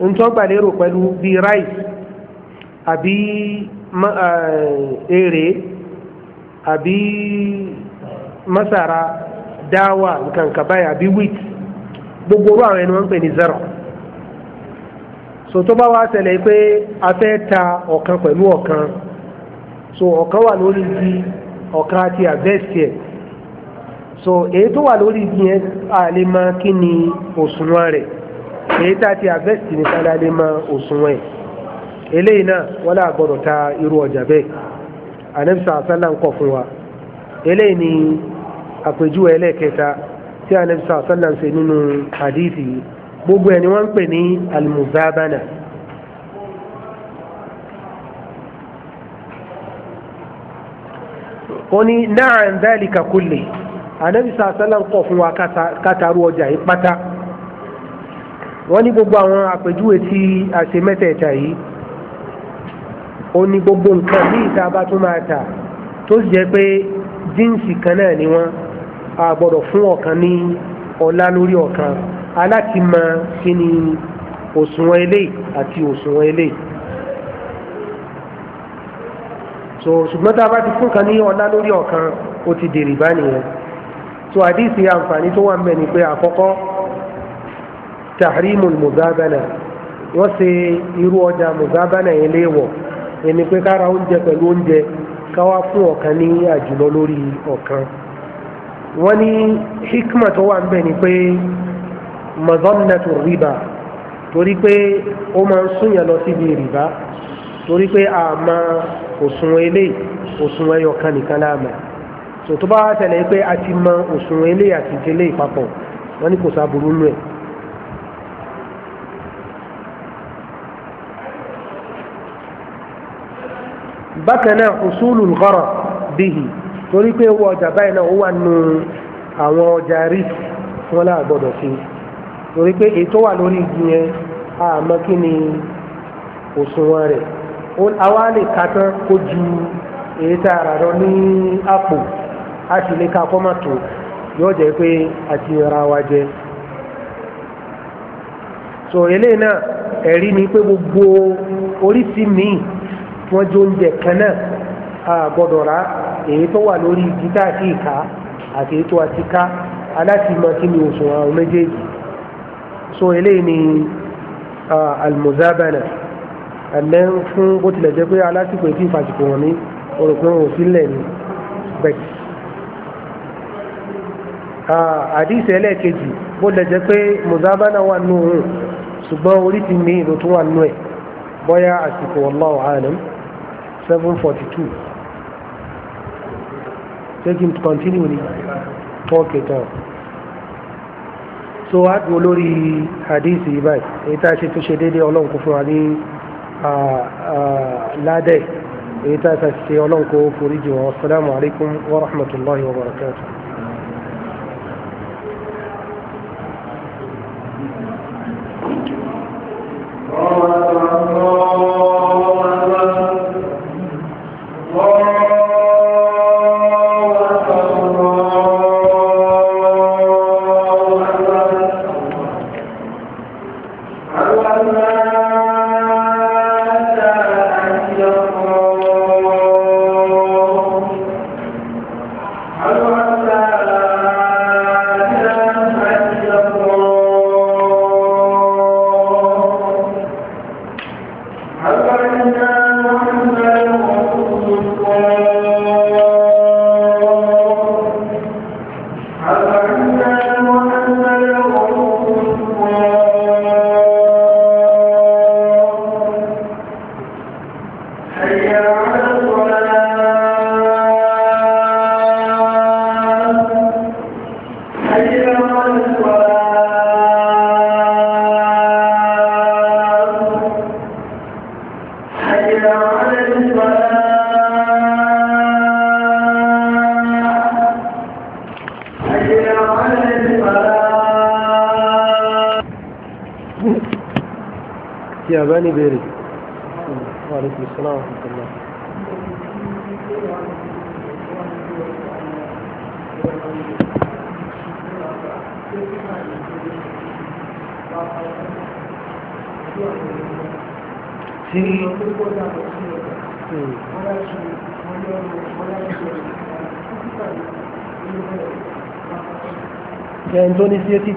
ní tí wọ́n gbà lérò pẹ̀lú bíi rice àbí eh, èrè àbí masara dáwà nǹkan kan báyìí àbí wheat gbogbo orú àwọn ẹni wọ́n ń pè ní zero so tó bá wá ṣẹlẹ̀ pé a fẹ́ ta ọ̀kan pẹ̀lú ọ̀kan so ọ̀kan wà lórí ti ọ̀kan àti àbẹ́sì ẹ̀ so èyí tó wà lórí ibi yẹn a lè mọ kí ni òṣùwọ̀n rẹ̀ èyí tá a ti harvest nìkan la lè mọ òṣùwọ̀n ẹ̀ eléyìí náà wọ́n lè gbọ́dọ̀ ta irú ọjà bẹ́ẹ̀ anabisa asala ń kọ̀ fún wa eléyìí ni àpèjúwe ẹlẹ́ẹ̀kẹta tí anabisa asala ń ṣe nínú hadithi gbogbo ẹ̀ ni wọ́n ń pè ní almuzabana. ó ní náà ń dálìkà kulli anabi sàásálà ń kọ̀ fún wa kátàrú ọjà yìí pátá wọ́n ní gbogbo àwọn àpèjúwe tí a ṣe mẹ́tẹ̀ẹ̀ta yìí ó ní gbogbo nǹkan ní ìta bá tún máa tà tó sì jẹ́ pé jíǹsì kan náà ni wọ́n a gbọ́dọ̀ fún ọ̀kan ní ọlá lórí ọ̀kan aláti mọ kí ni òṣùwọ̀n eléyìí àti òṣùwọ̀n eléyìí so ṣùgbọ́n tá a bá ti fún kan ní ọlá lórí ọ̀kan ó ti dèrè bá tó àdìsí àǹfààní tó wà mẹ́ni pé àkọ́kọ́ tahrimu muzabana wọ́n ṣe irú ọjà muzabana yẹn léèwọ̀ ẹni pé kára oúnjẹ pẹ̀lú oúnjẹ káwá fún ọ̀kan ní àjùlọ lórí ọ̀kan wọ́n ní hikma tó ni riba torí pé ó máa ń súnyàn lọ síbi riba torí pé àmà òsùn eléyìí òsùn ẹyọkan nìkan láàmà. so tó bá tẹ̀lé pé a ti mọ òṣùwọ̀n ilé àti ìdílé ìpapọ̀ wọ́n ní kò sábúrú nù ẹ̀. bákan náà òṣùlù lọ́rọ̀ bíhì torí pé owó ọjà báyìí náà ó wà nù àwọn ọjà risk wọn láà gbọdọ̀ sí torí pé èyí wà lórí igi yẹn àmọ́ kí ni òṣùwọ̀n rẹ̀ àwa lè ka tán kó ju èyí tá a rà lọ ní àpò a sì lè ka kọ́ má tó yóò jẹ́ pé a ti ra wa jẹ so eléyìí náà ẹ̀rí ni pé gbogbo oríṣi míì tí wọ́n jó oúnjẹ kan náà a gbọ́dọ̀ ra èyí tó wà lórí igi tá a ti kà àti èyí tó a ti ká aláti mọ kí ni òṣùwọ̀n àwọn méjèèjì so eléyìí ni almuzabana àmẹ́ fún bó tilẹ̀ jẹ́ pé alásìkò ètí ìfàsìkò wọn ní orò pé wọn bẹ́ẹ̀ àdìsí ẹlẹ́ẹ̀kejì bó lè jẹ́ pé mùsàbánà wà nù òun ṣùgbọ́n orí ti mi ìlú tó wà nù ẹ̀ bóyá àsìkò wallahu alam seven forty two take him to continue ni talk it out so a dùn lórí àdìsí báyìí èyí tá a ṣe tó ṣe déédéé ọlọ́run kò fún wa ní ládẹ́ èyí tá a ṣe ọlọ́run kò foríjì wọn assalamu alaikum wa rahmatullahi wa barakatuh.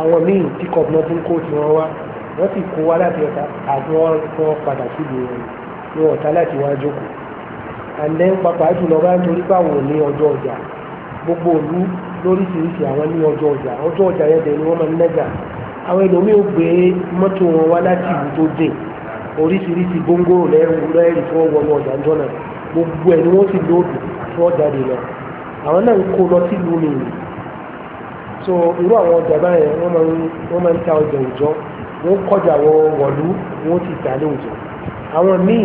àwọn míì tí kọ̀ọ̀bùnà tó ń kó tí wọ́n wá wọ́n sì kó wá láti ọ̀tá àti wọ́n fọ́ padà síbi wọn ní ọ̀tá láti wá jókòó and then pàpà jùlọ bá ń torí báwọn ní ọjọ́ ọjà gbogbo òlu lóríṣiríṣi àwọn ní ọjọ́ ọjà ọjọ́ ọjà yẹn dẹ̀ ni wọ́n máa ń nẹ́gà àwọn ẹlòmíì ò gbé mọ́tò wọn wá láti ìlú tó dé oríṣiríṣi góńgóró lẹ́rù lẹ́rù tí wọ́n wọnú ọjà jọ́nà gbogbo ẹ̀ ni wọ́n sì lóòdù tí wọ́n jáde so irú àwọn ọjà báyẹn wọ́n máa ń wọ́n máa ń ta ọjà òòjọ́ wọ́n kọjá wọ wọ̀lú ti tà ní òòjọ́ àwọn míì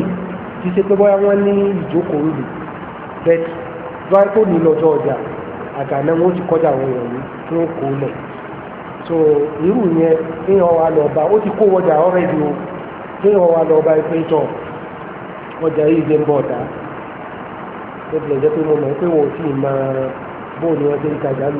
ti ṣe pé bóyá wọ́n ní ìjókòó lù bẹ́ẹ̀ báyìí ní ọjà ti kí kó so irú yẹn kéèyàn wà lọ́ba ó ti kó ọjà ọ̀rẹ́dì o kéèyàn wà lọ́ba ẹ pé ọjà yìí ń pé ò tí ì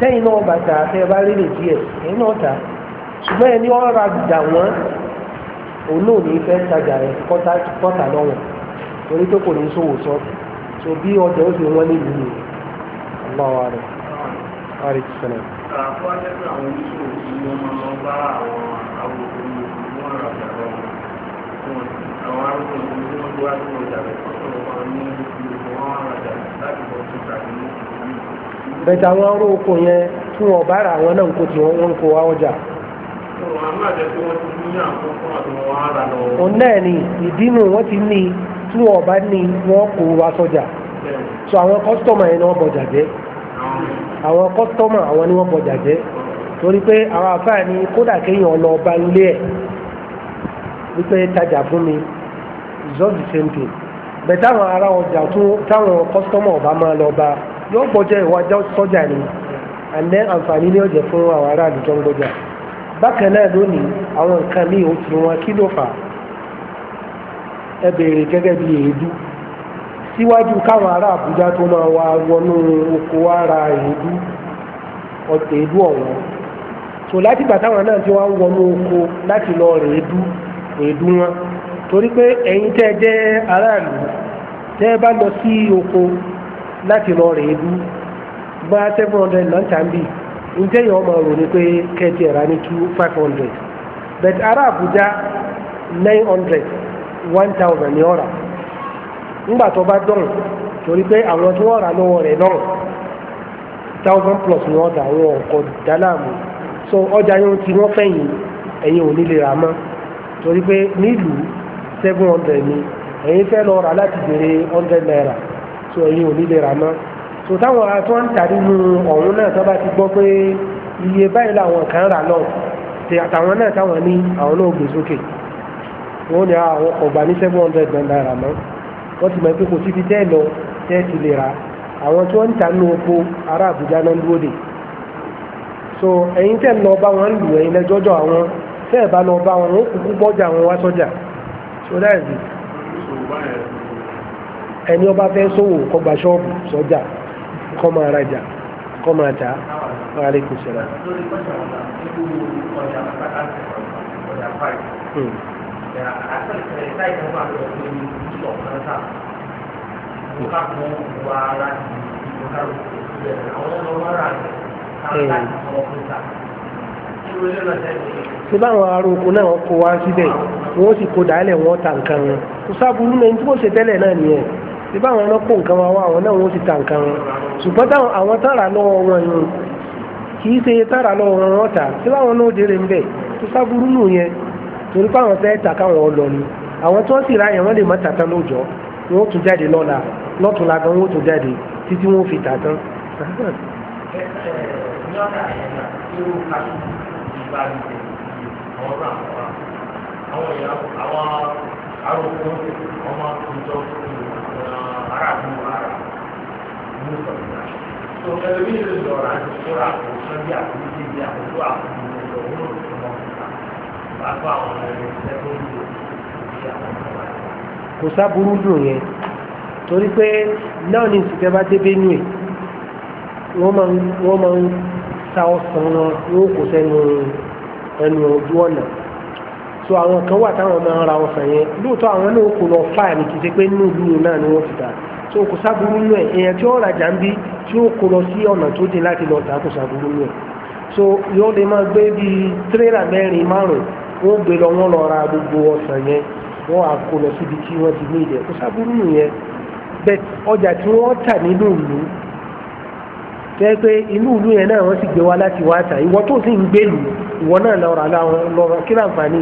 tẹ́yìn náà bàtà àtẹ bá rí díẹ̀ ẹ̀yìn náà tà ṣùgbọ́n ẹni ọ́ ra dà wọ́n òun náà ní fẹ́ tajà rẹ̀ lọ́wọ́ torí tó kò ní bí ọjà ó fi wọ́n ni ọlọ́wọ́ rẹ̀ ọ̀rẹ́ ti sọ̀rọ̀. àwọn bẹ̀tẹ̀ àwọn ọ̀rọ̀ oko yẹn tí wọ́n bá ra àwọn náà kó tí wọ́n ń kó ọjà. òun náà ìdínú wọ́n ti ní tí wọ́n bá ní wọ́n kó wá sọ́jà so àwọn kọ́sítọ́mà yẹn ni wọ́n bọ̀jà jẹ́ àwọn kọ́sítọ́mà àwọn ni wọ́n bọ̀jà jẹ́ torí pé àwọn ni kódà kéèyàn lọ ẹ̀ wípé tajà fún mi just the same thing àwọn ará ọjà ọba yóò gbọ́jà ìwà sọ́jà ni àlẹ́ àǹfààní ni ó fún àwọn ará àdìjọ ń gbọ́jà bákan náà lónìí àwọn nǹkan ní oṣù wọn kí ló fà ẹ béèrè gẹ́gẹ́ bí èédú síwájú káwọn ará àbújá tó máa wá wọnú oko wá ra èédú èédú so láti gbà táwọn náà ti wá wọnú oko láti lọ rè édú èédú wọn torí pé ẹ̀yin tẹ́ jẹ́ aráàlú tẹ́ bá lọ oko láti lọ rèé bú bá seven hundred lọ́ntà ń bì njẹ́ yẹn wọ́n rò ní pé kẹ́ẹ̀tì ẹ̀rá ní two five hundred but ará Àbújá nine hundred one thousand ní ọ̀rà ńgbà tó bá dọ̀rùn torí so ọjà yẹn ti wọ́n fẹ̀yìn ẹ̀yin ò ní lè rà mọ́ torí ni ẹ̀yin fẹ́ lọ rà láti béèrè hundred naira. so ẹ̀yin ò ní rà mọ́ so táwọn atọ́ ń tà nínú ọ̀hún náà tó bá ti gbọ́ pé iye báyìí làwọn kan rà lọ àtàwọn náà táwọn ní àwọn náà gbé sókè wọn ní ah, àwọn ọgbà ní seven hundred naira mọ́ wọ́n ti mọ̀ pé kò síbi tẹ́ lọ tẹ́ ti lè rà àwọn tí ń ta nínú oko ará Àbújá náà dúró dè so ẹ̀yin tẹ́ ń lọ bá wọn lù ẹ̀yin lẹ́jọ́jọ́ àwọn tẹ́ ẹ̀ bá lọ bá wọn ó kúkú bọ́jà wọn wá sọ́jà so that's it ẹni ọba fẹ́ sòwò kó gba ṣọ́ọ̀bù sọ́jà kó máa rajà kó máa tà á wàhálà kò ṣẹlẹ̀. ṣe báwọn aróko náà kó wá síbẹ̀ wọ́n sì kó dálẹ̀ wọ́n ta nǹkan wọn kò sábúrú náà ní tí wọ́n ṣe tẹ́lẹ̀ náà nìyẹn. síbá àwọn ẹranko nǹkan wa wá àwọn náà wọ́n ti ta nǹkan wọn ṣùgbọ́n táwọn àwọn tààrà lọ́wọ́ wọn yìí kì í ṣe lọ́wọ́ wọn wọ́n tà síbá àwọn náà tó sábúrú nù yẹn torí káwọn ọ lọ ni àwọn tó sì ra yẹn wọ́n lè má tán lóòjọ́ wọn tún jáde lọ́la lọ́tún la gan wọn tún jáde títí fi tà tán. ará àdúgbò ara ní ìsọ̀rọ̀ tó ẹlòmíì lè lọ ra ìṣòro àkóso bí àkóso bí àkóso àkóso lọ wọn ò tó mọ bá kò sábúrú dùn yẹn torí pé náà ní ìsìnkẹ́ bá dé Benue wọ́n máa ń ta ọ̀sán wọn wọ́n kò sẹ́nu ẹnu ojú ọ̀nà. so àwọn kan wà táwọn máa ń ra ọsàn yẹn lóòótọ́ àwọn náà kò lọ fáà ní ni wọ́n ti so kò sábúrú nù ẹ̀ èèyàn tí ó rajà ń bí tí ó kò lọ lọ kò sábúrú nù ẹ̀ so yóò lè máa gbé bí tírélà mẹ́rin márùn wọ́n gbé lọ wọ́n lọ ra gbogbo ọsàn yẹn wọ́n á kò lọ tẹ́ pé inú ìlú yẹn náà wọ́n sì gbé wa láti wá ta ìwọ tó sì ń gbèlú ìwọ náà lọ́ra láwọn lọ́ra kí láǹfààní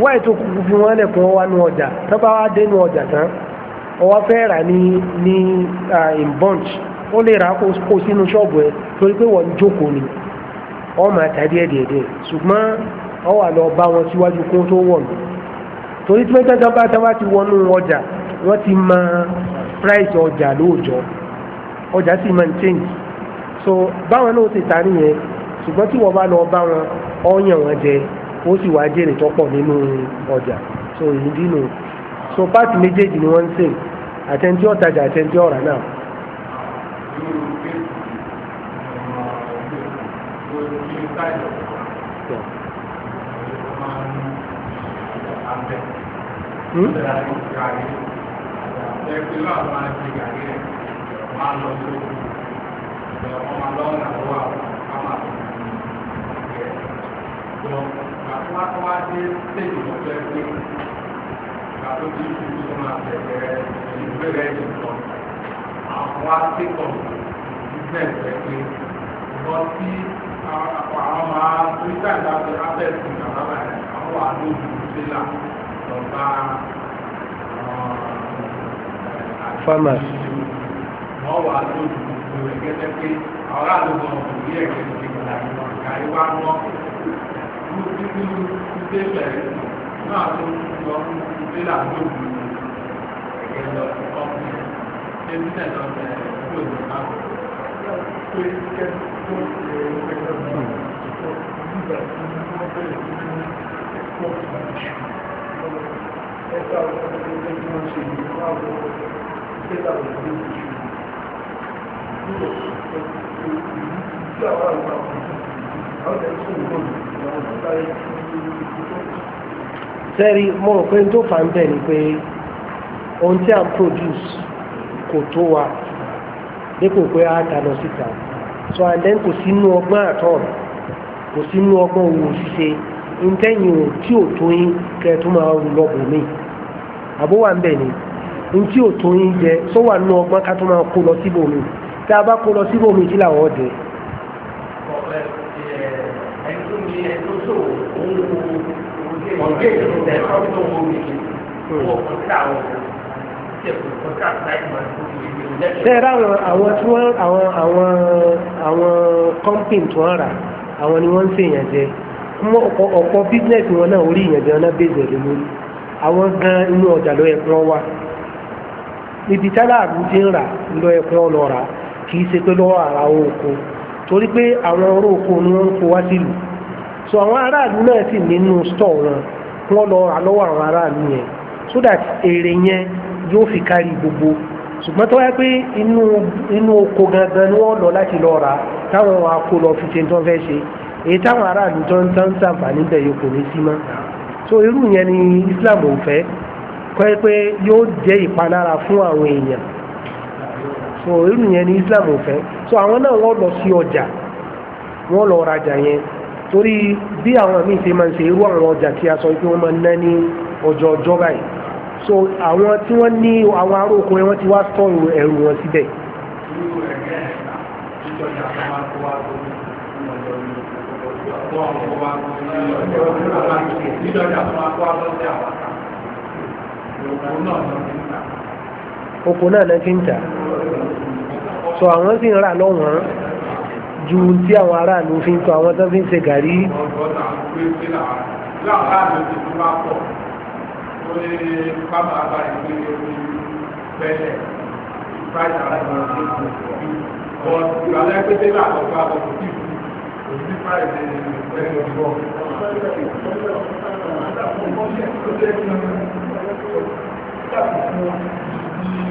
wọ́n ètò kúkú fi wọ́n lẹ̀kùn wá nu ọjà tó bá wá dé nu ọjà tán ọwọ́ fẹ́ rà ní ní in bunch ó lè rà kó sínú ṣọ́ọ̀bù torí pé wọ́n ń jókòó ni wọ́n máa ta díẹ̀ díẹ̀ díẹ̀ ṣùgbọ́n ọwọ́ àlọ́ bá wọn síwájú kó tó wọ̀ mí torí tí wọ́n ọjà sì máa ń change so báwọn náà ti ta nìyẹn ṣùgbọ́n tí wọ́n bá lọ bá wọn ọ̀yàn wọn jẹ ó sì wá jèrè pọ̀ nínú ọjà so èyí dínú so páàtì méjèèjì ni wọ́n ń sè àtẹ̀ntí ọ̀tajà àtẹ̀ntí ọ̀rà náà. Hmm? hmm? máa lọ sí ìgbà wọn máa lọ́wọ́ náà wà á máa lọ sí ìgbà àti wá tó wá dé séèjì tó fẹ́ gbé ìgbà tó ti fi tó máa bẹ̀rẹ̀ ìgbẹ́rẹ́ ìtọ́ àwọn wá sékọ̀ ìgbẹ́rẹ́ gbé lọ sí àwọn máa farmers wọ́n wà ní ìdìbò rẹ̀ gẹ́gẹ́ pé àwọn àlùkò òbí ẹ̀kẹ́ ti gbà ìmọ̀ ìkàrí wá mọ́ kú títí títí bẹ̀rẹ̀ náà tó ń lọ títí làwọn òbí ẹ̀kẹ́ lọ ọ̀pọ̀ ẹ̀mí náà lọ bẹ̀rẹ̀ kúrò ní àpò. pé kẹ́kẹ́ tó ṣe ẹgbẹ́ náà tó nígbà tí wọ́n bẹ̀rẹ̀ sí ní ẹ̀kọ́ ìgbà ẹ̀ka ọ̀pọ̀ ẹgbẹ́ tí wọ́n ṣe ìgbà sẹ́rí mo rò pé tó fà ń bẹ̀ ni pé ohun tí a ń produce kò tó wa dípò pé a ta lọ síta so and then kò sínú ọgbọ́n àtọ̀ kò sínú ọgbọ́n òwò ṣíṣe ntẹ́yìn ò tí ò tó yín kẹ́ ẹ tó máa rù lọ́bù mi àbó ń bẹ̀ ni ntí ò tó yín jẹ sọ wà nù ọgbọ́n ká tó máa kó lọ síbò mi. tá a bá kó lọ síbò méjì làwọn ọdẹ. sẹ́ẹ̀rẹ́ àwọn àwọn tí wọ́n àwọn àwọn àwọn kọ́mpìn tí wọ́n rà àwọn ni wọ́n ń ṣèyàn jẹ ọ̀pọ̀ ọ̀pọ̀ wọn náà orí ìyànjẹ wọn náà bèèrè lórí àwọn gan inú ọjà wà níbi tálà ń rà kìí ṣe pé lọ́wọ́ ara oko torí pé àwọn ọ̀rọ̀ oko ni wọ́n ń kó wá sílùú so àwọn aráàlú náà sì nínú stọ̀ wọn wọ́n lọ ra lọ́wọ́ àwọn aráàlú yẹn so that èrè yẹn yóò fi kárí gbogbo ṣùgbọ́n tó wáyé pé inú oko gangan ni wọ́n lọ láti lọ rà táwọn akó lọ fi ṣe tó fẹ́ ṣe èyí táwọn aráàlú tó tán sàǹfààní bẹ̀ yóò kò ní sí mọ́ so irú yẹn ni Islam ò fẹ́ kọ́ pé yóò jẹ́ ìpalára fún àwọn èèyàn so irú yẹn ni Islam ofe so àwọn náà wọ́n lọ sí ọjà wọn lọ rajà yẹn torí bí àwọn míì ṣe máa ń ṣe irú ọjà tí a sọ pé máa ń ná ní so àwọn tí ní àwọn aróko yẹn ti wá sọ̀rọ̀ ẹrù wọn síbẹ̀. Ìjọba oko náà náà fi ń tà so àwọn sì ń rà lọ́wọ́n ju tí àwọn aráàlú fi ń tọ́ àwọn tó fi ń ṣe gàrí. Thank you.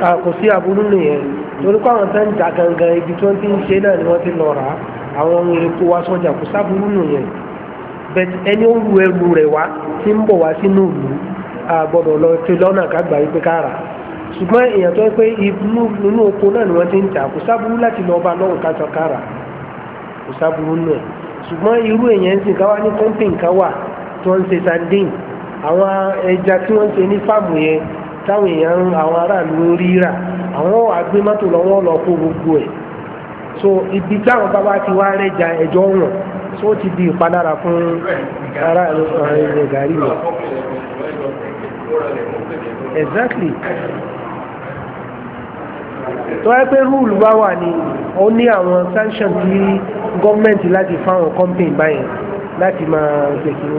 kò sí aburú nìyẹn torí àwọn tó ń jà gangan ibi tó ń ti ń ṣe náà ni wọ́n ti lọ rà àwọn ohun èlò kó wá sọ́jà kò ẹni ó wu ẹrù rẹ̀ wá tí ń bọ̀ wá sínú ìlú àgbọ̀dọ̀ lọ ti kágbà yìí pé ká rà èèyàn tó oko náà ni ti ń kò láti lọ bá ká sọ ká rà kò irú èèyàn ń sìn ká wá ní ká wà tí ń ṣe ní táwọn èèyàn àwọn aráàlú rí rà àwọn wà gbé mọ́tò lọ́wọ́ lọ kó gbogbo ẹ̀ so ibi táwọn bàbá ti wá rẹ́jà ẹjọ́ wọn so ti di ìpalára fún aráàlú ẹ̀ gàrí mi. exactly tó yẹ pé rúùlù bá wà ní ó ní àwọn sanction tí gọ́ọ̀mẹ̀ntì láti fáwọn company báyẹn láti máa ṣèkínú.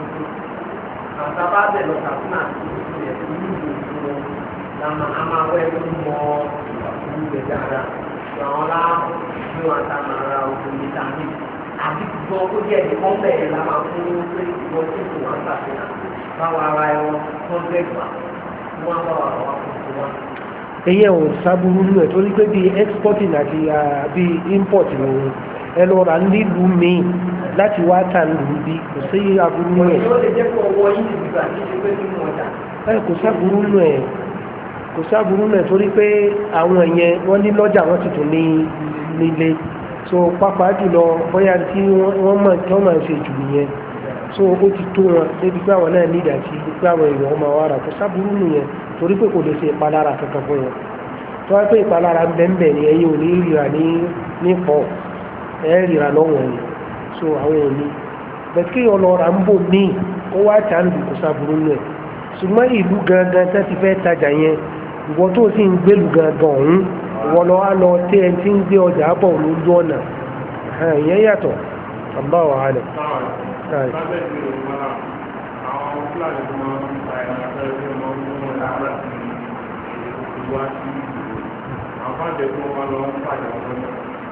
àtàbàbẹ̀ lọ kàtúnà na ìlú làmà na ló mọ ìwàkúrú dáadáa àwọn láàbù ní wọn ta máa ra oògùn vitamin àti la fún un pé tí kò wá ara wa bá wà fún wa. eyín ò sábúrú ẹ̀ torí pé bíi ẹ ndị rà nílùú míì láti wá ta nílùú bí kò sí aburú nù ẹ. ẹ kò sáburú nù ẹ kò sáburú nù torí pé àwọn yẹn wọ́n ní lọ́jà wọ́n ti ní nílé so pápá jùlọ bóyá tí wọ́n tí wọ́n ṣe jù nìyẹn so ó ti tó wọn débi pé àwọn náà pé àwọn èèyàn ọmọ wa rà kò nù yẹn torí pé kò lè ṣe ìpalára kankan fún pé ìpalára ń bẹ́ẹ̀ bẹ́ẹ̀ ni ẹ̀yin ò ní ẹ ríra lọ́wọ́ ẹ̀ so àwọn òní bẹ́ẹ̀ kí ọlọ́ra ń bò ní ó wá tà ń dùn kó gangan tá ti taja tajà ìwọ tó sì ń gbèlú gangan ọ̀hún ìwọ lọ́wọ́ á ọjà lójú ìyẹn àbá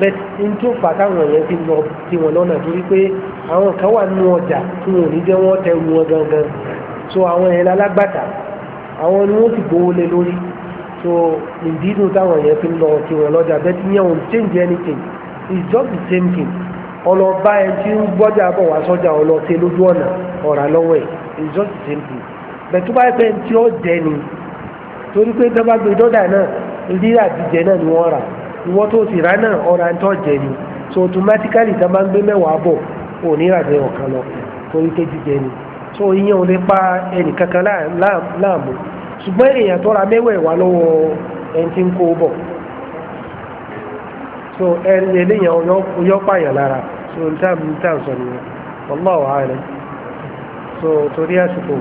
bẹ́ẹ̀ n tó fà táwọn yẹn fi lọ sí wọn lọ́nà torí pé àwọn kan wà nínú ọjà tí wọn ò ní jẹ́ wọ́n tẹ wọn gangan so àwọn yẹn lálágbàtà àwọn ni wọ́n ti gbowó lé lórí so ìdídù táwọn yẹn fi lọ sí wọn lọ́jà bẹ́ẹ̀ tí yẹn ò ń change anything it's just the same thing ọlọ́ba ẹ ti ń gbọ́jà bọ̀ wá sọ́jà ọlọ́tẹ lójú ọ̀nà ọ̀rà lọ́wọ́ ẹ̀ it's just the same thing bẹ́ẹ̀ tó bá yẹ pé tí ó jẹ ni torí pé tó bá gbé dọ́dà náà rírà jíjẹ náà ni wọ́n rà á. ìwọ́ tó sì rà náà ọ̀rà so automatically tá a bá ń gbé mẹ́wàá bọ̀ ò ní ọ̀kan lọ so ìyẹn ò lè pa ẹnì kankan láàmú ṣùgbọ́n èèyàn tó ra mẹ́wẹ̀ẹ̀wá lọ́wọ́ ẹni tí ń kó bọ̀ so ẹni eléyàn yọ pààyàn lára so n tá sọ nìyẹn so torí àsìkò